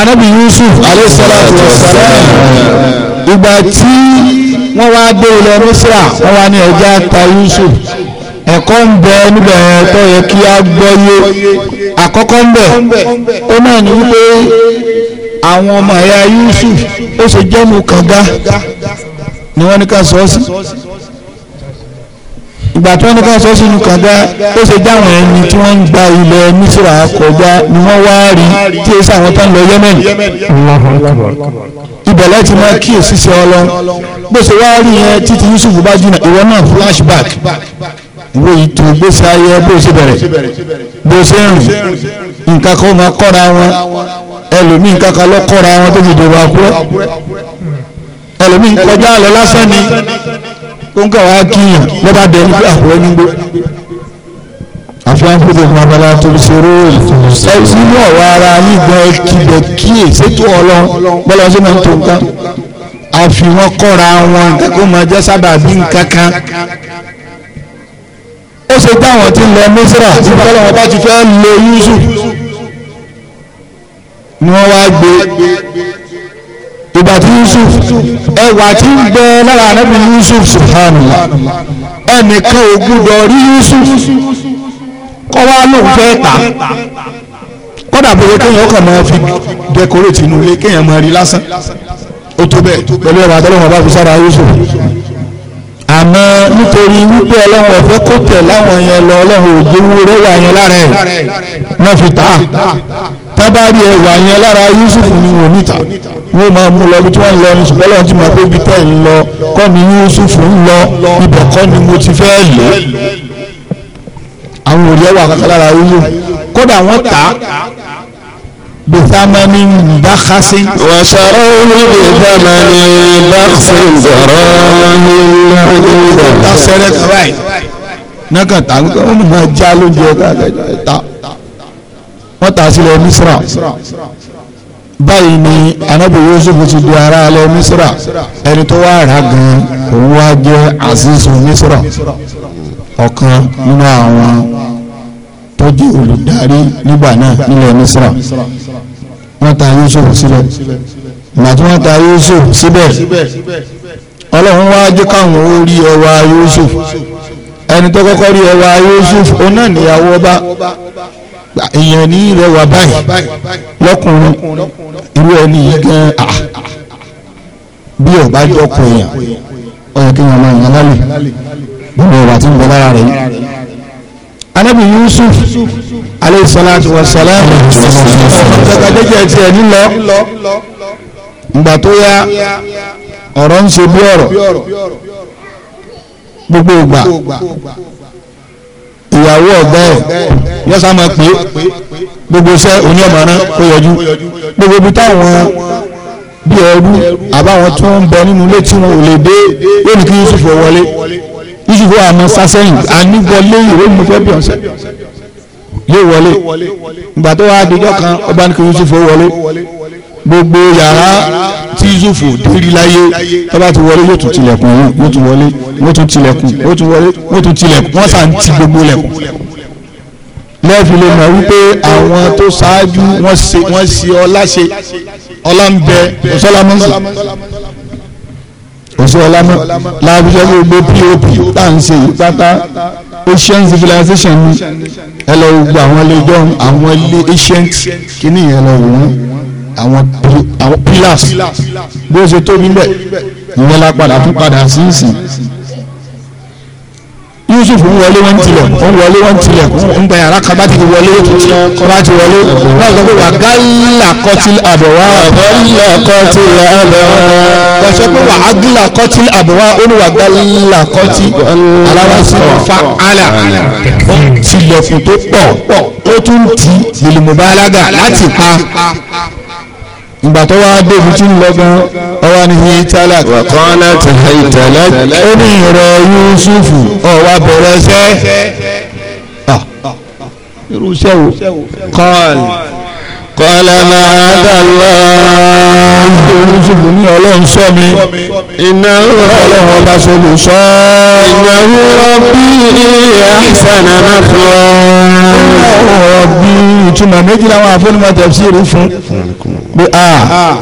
anábì Yusuf aleyhisselatu wassalam ìgbà tí wọ́n wá dé ilẹ̀ Mísírà wọ́n wá ní ẹja ta Yusuf ẹ̀kọ́ ń bẹ níbẹ̀ tó yẹ kí a gbọ́yé àkọ́kọ́ ń bẹ ó náà ní wípé àwọn ọmọ ẹ̀yà Yusuf ó ṣe jẹ́mu kànga ni wọ́n ní ká sọ ìgbà tí wọ́n ní ká sọ sínú kànga ó ṣe dáhùn ẹni tí wọ́n ń gba ilẹ̀ Mísírà kọjá ni wọ́n wá rí tí èsì àwọn tó ń lọ Yemen ibẹ̀ láti máa kí èsì ṣe ọ lọ bó ṣe wá rí yẹn títí Yusuf bá jìnnà ìwọ náà flashback ìwé ìtò gbèsè ayé bó ṣe bẹ̀rẹ̀ bó ṣe ń rìn nǹkan kan máa kọ́ra wọn ẹlòmíì nǹkan lọ kọ́ra wọn tó fi dòwò àkúrẹ́ ẹlòmíì kọjá lọ lásán ni ó ń kà wá kíyàn ló bá bẹ̀rù pé àbúrò ní gbó. àfihàn fúnpẹ̀ fún abala tó ń ṣe róòlù. ẹ sínú ọ̀rọ̀ ara yín gan kíbẹ̀ kíyè sétò ọlọ́run bọ́lá ṣe máa ń tó nǹkan. àfihàn kọ́ra wọn kó máa jẹ́ sábà bí nǹkan kan ó ṣe táwọn ti lọ mísírà tí fọlọ́wọ́n bá ti fẹ́ lo yusuf ni wọ́n wá gbé ìgbà tí Yusuf ẹwà tí ń bẹ lára anábì Yusuf subhanallah ẹnìkan ò gbúdọ̀ rí Yusuf kọ́ wá lóun fẹ́ ta kódà bóyá kéèyàn kàn máa fi dẹkórétì inú ilé kéèyàn máa rí lásán ó tó bẹ́ẹ̀ pẹ̀lú ẹ̀rọ àtọ́lọ́wọ́n bá fi sára Yusuf àmọ́ nítorí wípé ọlọ́run ọ̀fẹ́ kó tẹ̀ láwọn yẹn lọ ọlọ́run òjò wúrẹ́ wà yẹn lára ẹ̀ wọ́n fi tà á tábàárí yẹn lára Yusuf ni wọ́n níta wọ́n máa mú lọ bí tí wọ́n lọ ní ṣùgbọ́n láti máa pé ibi tẹ́ ń lọ kọ́ ni Yúsùfù ń lọ ibẹ̀ kọ́ ni mo ti fẹ́ lò àwọn òde ẹwà kankan lára wúlò kódà wọ́n tà á bìtàmánì bákásí. wọ́n ṣàrọ̀ wọ́n bìtàmánì bákásí zọ̀rọ̀ ní ìlú. ta sẹ́rẹ̀ kọ́ra yìí náà ta wọ́n mú ma já lóúnjẹ ká ta wọ́n ta sílẹ̀ Mísírà báyìí ni anabi yusuf ti di ara alẹ misra ẹni tó wá rà gan òun wá jẹ azizu misra ọ̀kan nínú àwọn tó di olùdarí nígbà náà nílẹ̀ misra wọ́n ta yusuf sílẹ̀ màtí wọ́n ta yusuf síbẹ̀ ọlọ́run wá jẹ́ káwọn ó rí ẹwà yusuf ẹni tó kọ́kọ́ rí ẹwà yusuf òun náà níyàwó ọba èèyàn ní rẹwà báyìí lọ́kùnrin irú ẹni yìí gan ah, ah, ah, ah. bí ọba jọ kọ èèyàn ọyọ kí wọn máa yàn lálẹ́ gbogbo ọba tí ń bọ̀ lára rẹ̀ yìí. anabi yusuf aleyhi salatu wa salam ọ̀sẹ̀kadẹ́jẹ́ tiẹ̀ nílọ ìgbà tó yá ọ̀rọ̀ ń ṣe bí ọ̀rọ̀ gbogbo ìgbà ìyàwó ọ̀gá ẹ̀ yọ́sà máa pè é gbogbo iṣẹ́ oníọ̀mọ̀ràn ó yọjú gbogbo ibi táwọn bí ẹrú àbáwọn tó ń bọ nínú ilé tí wọn ò lè dé yóò ní kí Yusuf wọlé Yusuf wà mọ sásẹ́yìn àníwọlé ìwé mi fẹ́ bí ọ̀sẹ̀ yóò wọlé ìgbà tó wàá dijọ́ kan ọba ní kí Yusuf wọlé gbogbo yàrá tí yusufu dérí láyé tó bá ti wọlé yóò tún tilẹ̀kùn òun yóò tún wọlé yóò tún tilẹ̀kùn yóò tún wọlé yóò tún tilẹ̀kùn wọ́n sàn ti gbogbo lẹ̀kùn lẹ́ẹ̀fi lè mọ̀ wípé àwọn tó ṣáájú wọ́n ṣe wọ́n ṣe ọlá ṣe ọlá ń bẹ gbogbo pop tá à ń ṣe yìí pátá Asian civilization ni ẹ lọ gbogbo àwọn ilé dọ́rùn àwọn ilé ancient kìíní yẹn lọ wò wọ́n àwọn àwọn pillars bí ó ṣe tóbi bẹ ìyẹn la padà tún padà sí ìsìn yusuf ń wọlé wọn tilẹ̀ ń wọlé wọn tilẹ̀ ń gbẹ yàrá kan bá ti wọlé bá ti wọlé náà sọ pé wà gálà kọtìl àbẹ̀wá gálà kọtìl àbẹ̀wá wọ́n sọ pé wà gálà kọtìl àbẹ̀wá ó ní wà gálà kọtì aláwàsí fa àlà tilẹ̀kùn tó pọ̀ ó tún ti lèlùmọ̀bá alága láti pa ìgbà tó wá dé ibi tí ń lọ gan ọwá ní hi talak. wàkọ́nà ti hi talak. ó ní ìrọ̀ yusufu ọ̀wá bẹ̀rẹ̀ ṣẹ́. irúṣẹ́ wo kọ́ọ̀lì. kọ́ọ̀lì máa yusufu ní ọlọ́run sọ mi. iná ọlọ́run ọba ṣolùṣọ́. ìnáwó rọ̀bì ahsana náà fún ọ bí ìtumọ̀ méjì làwọn àfọ́nùmọ̀ tẹ̀síìrì fún pé a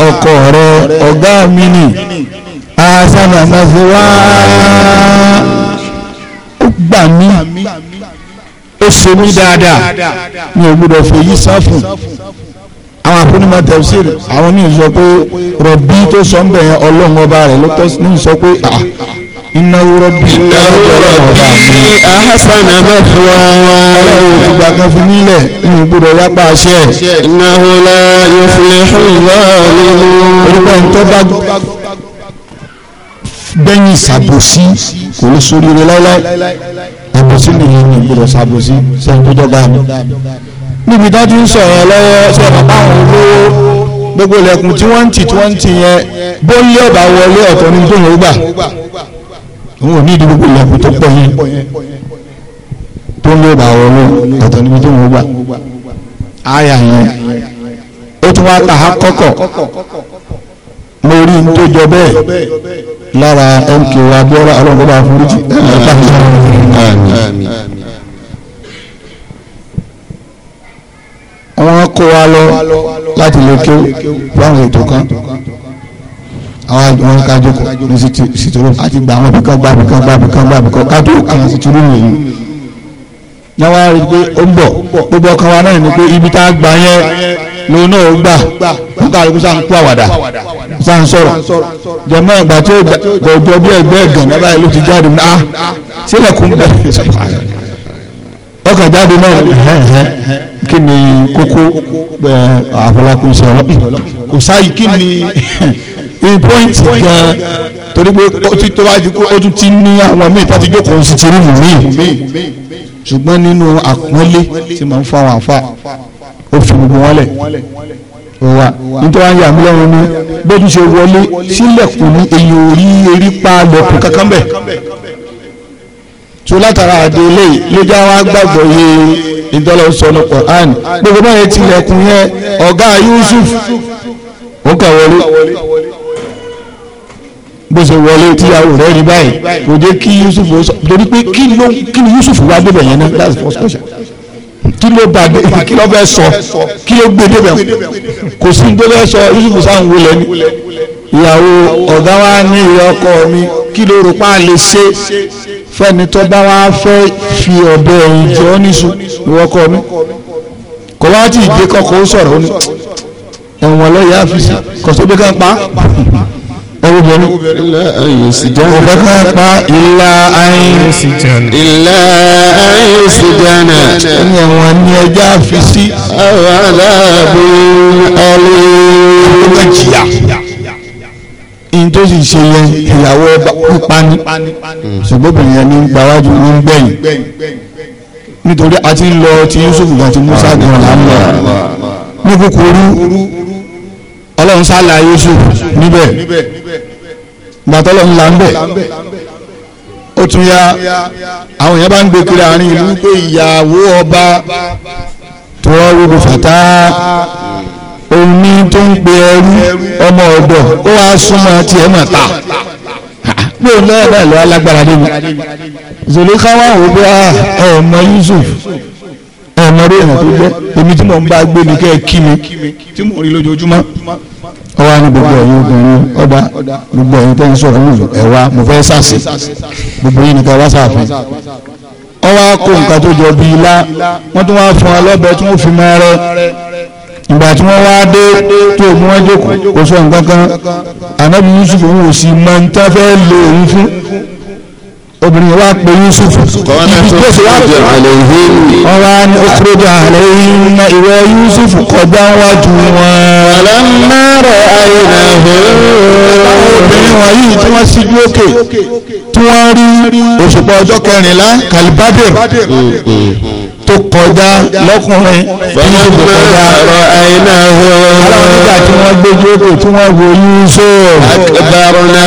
ọkọ rẹ ọ̀gá mi nì a sábà máa fi wá ó gbà mí ó ṣe mí dáadáa mi ò gbọdọ̀ fèyí sáfùn àwọn àfúnimọ̀ tẹ̀síìrì àwọn ní sọ pé rọ̀bí tó sọ ń bẹ̀yẹn ọlọ́run ọba rẹ̀ ló tọ́ ní sọ pé a ìnáwó rọ́bì ìnáwó rọ́bì ahasana mẹ́fọ́wá ọlọ́run ìgbà kan fún nílẹ̀ inú gbọ́dọ̀ yápa àṣẹ ìnáwó la yóò fi lè fún ìlú nínú. orúkọ ìtọ́ bá gbẹ̀yìn ṣàbòsí kò ní sórí rẹ láéláé àbòsí nìyẹn ní gbọ́dọ̀ ṣàbòsí sẹ́yìn tó mi. níbi dájú ń sọ̀rọ̀ lọ́wọ́ ṣe bàbá àwọn olówó gbogbo ilẹ̀kùn tí wọ́n ń tì tí wọ́n ń tì yẹn bó ń lé ọ̀bà wọlé ọ̀tọ̀ ní tó yẹn òun ò ní ìdí gbogbo ìlẹ̀kùn tó pọ̀ yẹn tó ń lé ìbà wọlé ọ̀tọ̀ níbi tó ń gbà áyà yẹn ó tún wá ta á kọ́kọ̀ mo rí n tó jọ bẹ́ẹ̀ lára mk abiola ọlọ́run bá fún méjì ẹ̀ka wọn kó wa lọ láti lè kéwù fáwọn ètò kan àwọn àwọn kájọkọ ní sitoro àti gba àwọn bìkan gba bìkan gba bìkan gba bìkan kájọ àwọn sitoro nìyí náà wá rí i pé ó ń bọ̀ gbogbo ọkàn wa náà ni pé ibi tá a gbà yẹn lòun náà ó gbà wọn kà lóko sáà ń kó àwàdà sáà ń sọ̀rọ̀ jẹ̀mọ́ ìgbà tí ó kò jọ bí ẹgbẹ́ ẹ̀gàn nígbà yẹn ló ti jáde náà ah, sílẹ̀ kún bẹ́ẹ̀ ọkàn jáde náà kí ni kókó àfọlákùn sọ̀rọ̀ kò sáyì kí ni ìpóyìntì gan torí pé ó ti tó wájú ó tún ti ní àwọn míì tàbí jókòó sí ti rí míì ṣùgbọ́n nínú àpọ́nlé tí màá ń fọ àwọn àfa ó fi gbogbo wọn lẹ̀ wà nítorí àwọn yàrá mílíọ̀nù ní bójú ṣe wọlé sílẹ̀kùn ní èyí orí erí pa lẹ̀kùn kankan bẹ̀ tó látara àdé ilé ló já wa gbàgbọ́ yé ìdọ́lọ́ sọnù Quran gbogbo báyẹn tilẹ̀kùn yẹn ọ̀gá Yusuf ó kà wọlé bó ṣe wọlé tíyàwó rẹ̀ rí báyìí kò jẹ́ kí Yusuf ó sọ torí pé kí ló kí ni Yusuf wá débẹ̀ yẹn náà that's the first question kí ló bá dé kí ló fẹ́ sọ kí ló gbé débẹ̀ kò sí tó fẹ́ sọ Yusuf sáà ń wọlé ni ìyàwó ọ̀gá wa ní ìyá ọkọ mi kí ló rò pa lè ṣe fẹ́ni tó bá wá fẹ́ fi ọ̀bẹ ẹ̀yìn jẹ níṣu ìwọ ọkọ mi kò wá tí ìdí kọkọ sọ̀rọ̀ ẹ̀wọ̀n lọ́ọ́ yá fi sí kò sóbi kan pa á ẹwú bẹ̀rù ilá ayé sìjà náà ọ̀fẹ́ ká pa ilá ayé sìjà náà ayé sìjà ẹni ẹ̀wọ̀n ni ẹja fi sí àwọn aláàbò ọlẹ́ ọgbẹ́ jìyà in tó sì ṣe yẹn ìyàwó pani ṣùgbọ́n obìnrin yẹn ní ń gbáwájú ní ń gbẹ̀yìn nítorí a lọ ti Yusuf àti Musa gan-an lọ ní kúkúrú ọlọ́run sálà Yusuf níbẹ̀ gbàtọ́lọ́ ńlá ń bẹ̀ ó tún ya àwọn èèyàn bá ń gbé kiri àárín ìlú pé ìyàwó ọba tọrọ rúbi fàtà omi tó ń pe ẹrú ọmọ ọ̀dọ̀ ó wá súnmọ́ tiẹ̀ mọ̀ ta pé o náà bá lọ alágbára débi Zulika wà wò pé ọmọ Yusuf ọmọ rẹ̀ hàn tó gbẹ́ èmi tí mò ń bá gbé ni kẹ́ kí mi tí mò rí lójoojúmọ́ ọwọ́ ní gbogbo ẹ̀yin obìnrin ọ̀dà gbogbo ẹ̀yin tẹ́ ń sọ̀rọ̀ wù ẹ̀wà mo fẹ́ sàṣì gbogbo yìí nìkan wá sàfin ọwọ́ kó nǹkan tó jọ bíi ilá wọ́n tún wá fún ọ lọ́bẹ̀ tí wọ́n fi mọ́ ẹrẹ ìgbà tí wọ́n wá dé tó mú wọn jókòó kó sọ nǹkan kan ànábi Yusuf òun ò sì mọ ní lè òun fún obìnrin wa pe yusuf ìdíkòsí wa pe ọ̀rọ̀ ni okoroja àlẹ́yìn na ìwé yusuf kọjá wájú wọn. alámọ̀rọ̀ àyìnà ọ̀rọ̀. obìnrin wọ̀nyí tí wọ́n síjú òkè tí wọ́n rí òṣùpá ọjọ́ kẹrìnlá kalibadir. Mm, mm, mm tó kọjá lọ́kùnrin yíṣu tó kọjá aláwọ̀ nígbà tí wọ́n gbé jókòó tí wọ́n wo yíṣu. akbaruna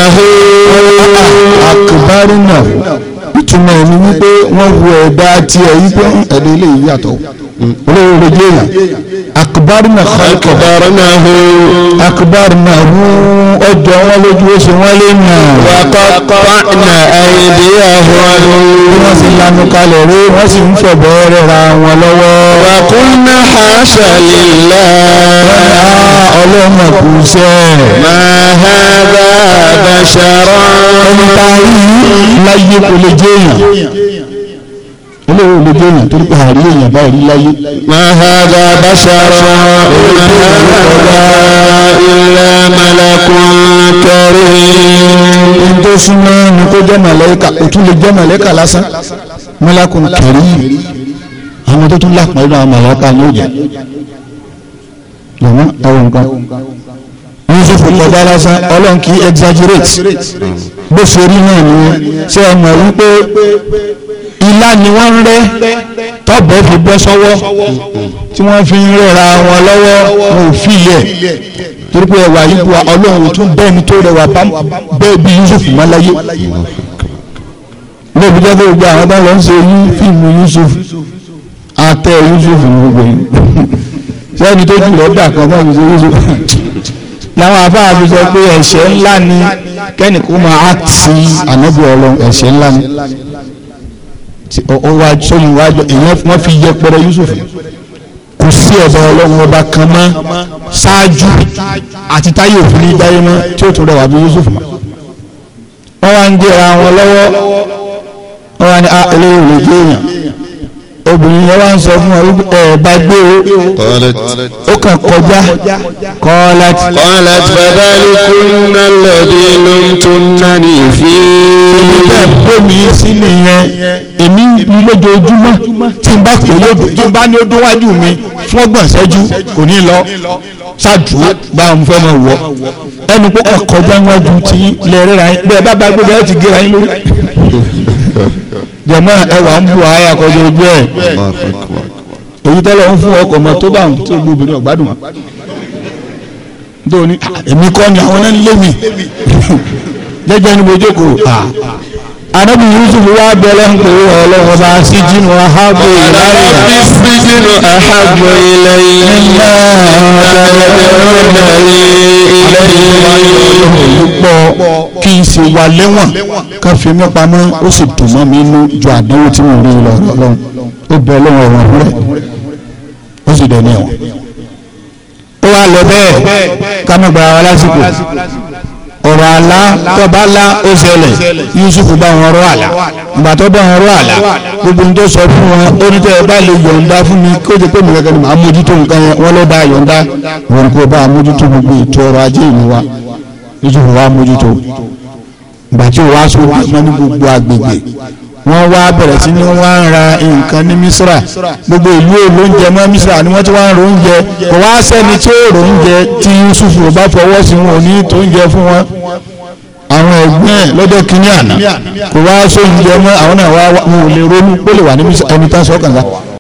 hoo ìtumọ̀ ẹni wípé wọ́n wo ẹ̀dá tiẹ̀ wípé hmm, ẹ̀dá ilé yìí yàtọ̀ olóyè hmm, olóyè èèyàn akibarina akibarina hu akibarina hu ọjọ́ wọn lójú oṣù wọn lè nà. wàkọ́kọ́ na àyèdè àwọn. wọ́n sì lanu kalẹ̀ rí wọ́n sì ń fọ̀bọ̀ rẹ̀ra wọn lọ́wọ́. wàkúnná haṣà lillah. kù sẹ́ẹ̀. máa. láyé kò lè jẹ́ èèyàn olówó lè jẹ́ èèyàn torí pé àárí èèyàn báyìí rí láyé. mahada basara olùdókòwò ilé malakun karim. tó súnmọ́ ni kó jẹ́ màlẹ́kà òtún lè jẹ́ màlẹ́kà lásán malakun karim àwọn tó tún lápá inú àwọn màlẹ́kà ní òjò lọ́mọ àwọn nǹkan. yusuf kọjá lásán ọlọ́run kì í exaggerate. Mm bó ṣe rí náà nìyẹn ṣé ẹ mọ̀ wípé ilá ni wọ́n ń rẹ́ tọ́bọ̀ fi bọ́ sọ́wọ́ tí wọ́n fi ń rẹ́ra wọn lọ́wọ́ wọn ò fi ilẹ̀ torí pé ẹwà yìí ọlọ́run tún bẹ́ẹ̀ ni tó rẹwà bẹ́ẹ̀ bí Yusuf mọ́láyé lóbi jẹ́ pé gbogbo àwọn táwọn lọ ń ṣe fíìmù Yusuf àtẹ Yusuf ní sẹ́ni tó jù lọ́ọ́ kan náà ń ṣe Yusuf làwọn afáà fi sọ pé ẹ̀ṣẹ̀ ńlá ni kẹ́nìkú máa act sí ànábì ọlọ́run ẹ̀ṣẹ̀ ńlá ni ọwọ́ sọ́yìn iwájú èèyàn wọ́n fi yẹpẹrẹ Yusuf kò sí ọ̀dọ̀ ọlọ́run ọba kan mọ́ ṣáájú àti táyé òfin ní dáyé mọ́ tí ó tún rẹwà bí Yusuf mọ́ wọ́n wá ń gbéra wọn lọ́wọ́ wọ́n wá ní ah, eléyìí ò lè gbé èèyàn obìnrin yẹn wá ń sọ fún ẹ bá gbé o ó kàn kọjá kọ́lát. kọ́lát bàbá alikuna lọ́dí ló ń tún nání fi. èmi bẹ́ẹ̀ bómi sí nìyẹn èmi ní lójoojúmọ́ tí n bá pè é tí n bá ní ó dúnwájú mi fún ọgbọ̀n ṣẹ́jú kò ní lọ ṣáàdúró bá a fẹ́ máa wọ̀ ẹnu kó kàn kọjá wájú tí lẹ́ẹ̀rẹ́ ra yín bẹ́ẹ̀ bá bá gbé bẹ́ẹ̀ ti gé ra yín lórí jẹ̀mọ́ ẹwà ń bu àyà kọjá ojú ẹ̀ èyí tẹ́lẹ̀ ń fún ọkọ̀ mọ́ tó bá ń tó gbó obìnrin ọ̀gbádùn nítorí èmi kọ́ ni àwọn náà lé mi *laughs* jẹ́jẹ́ ni mo jókòó anabi yusuf wa bẹ̀rẹ̀ ń pè wa ọlọ́run bá sí jínú ahábò ìlànà bí sí jínú ahábò ilẹ̀ ilẹ̀ ilẹ̀ púpọ̀ kí n ṣe wà lẹ́wọ̀n ká fi mí pamọ́ ó sì dùn mọ́ mi inú ju àdánwò tí mo rí lọ ọlọ́run ó bẹ ọlọ́run ẹ̀wọ̀n rẹ̀ ó sì dẹ̀ ní ó wá lọ bẹ́ẹ̀ ká mọ̀ gbà lásìkò ọ̀rọ̀ àlá tọba lá ó ṣẹlẹ̀ Yusuf bá wọn rọ àlá ìgbà tó bá wọn rọ àlá gbogbo ní tó sọ fún wọn ó ní tẹ́ ẹ bá lè yọ̀ǹda fún mi kó jẹ́ pé mi gẹ́gẹ́ mójútó nǹkan yẹn wọ́n ló bá yọ̀ǹda wọn kó bá mójútó gbogbo ètò ọrọ̀ ajé ìlú wa Yusuf wa mójútó ìgbà tí wàá sọ wọn ní gbogbo agbègbè wọ́n wá bẹ̀rẹ̀ sí ní wọ́n ń ra nǹkan ní misra gbogbo ìlú olóúnjẹ mọ́ misra ni wọ́n ti wá ń ro oúnjẹ kò wá sẹ́ni tí ó ro oúnjẹ tí yusuf ò bá fọwọ́ sí wọn ò ní tó oúnjẹ fún wọn àwọn ẹgbẹ́ lọ́jọ́ kínní àná kò wá sóúnjẹ mọ́ àwọn náà wá wọn ò lè ronú pé lè wà ní ẹni tán sọ́kànlá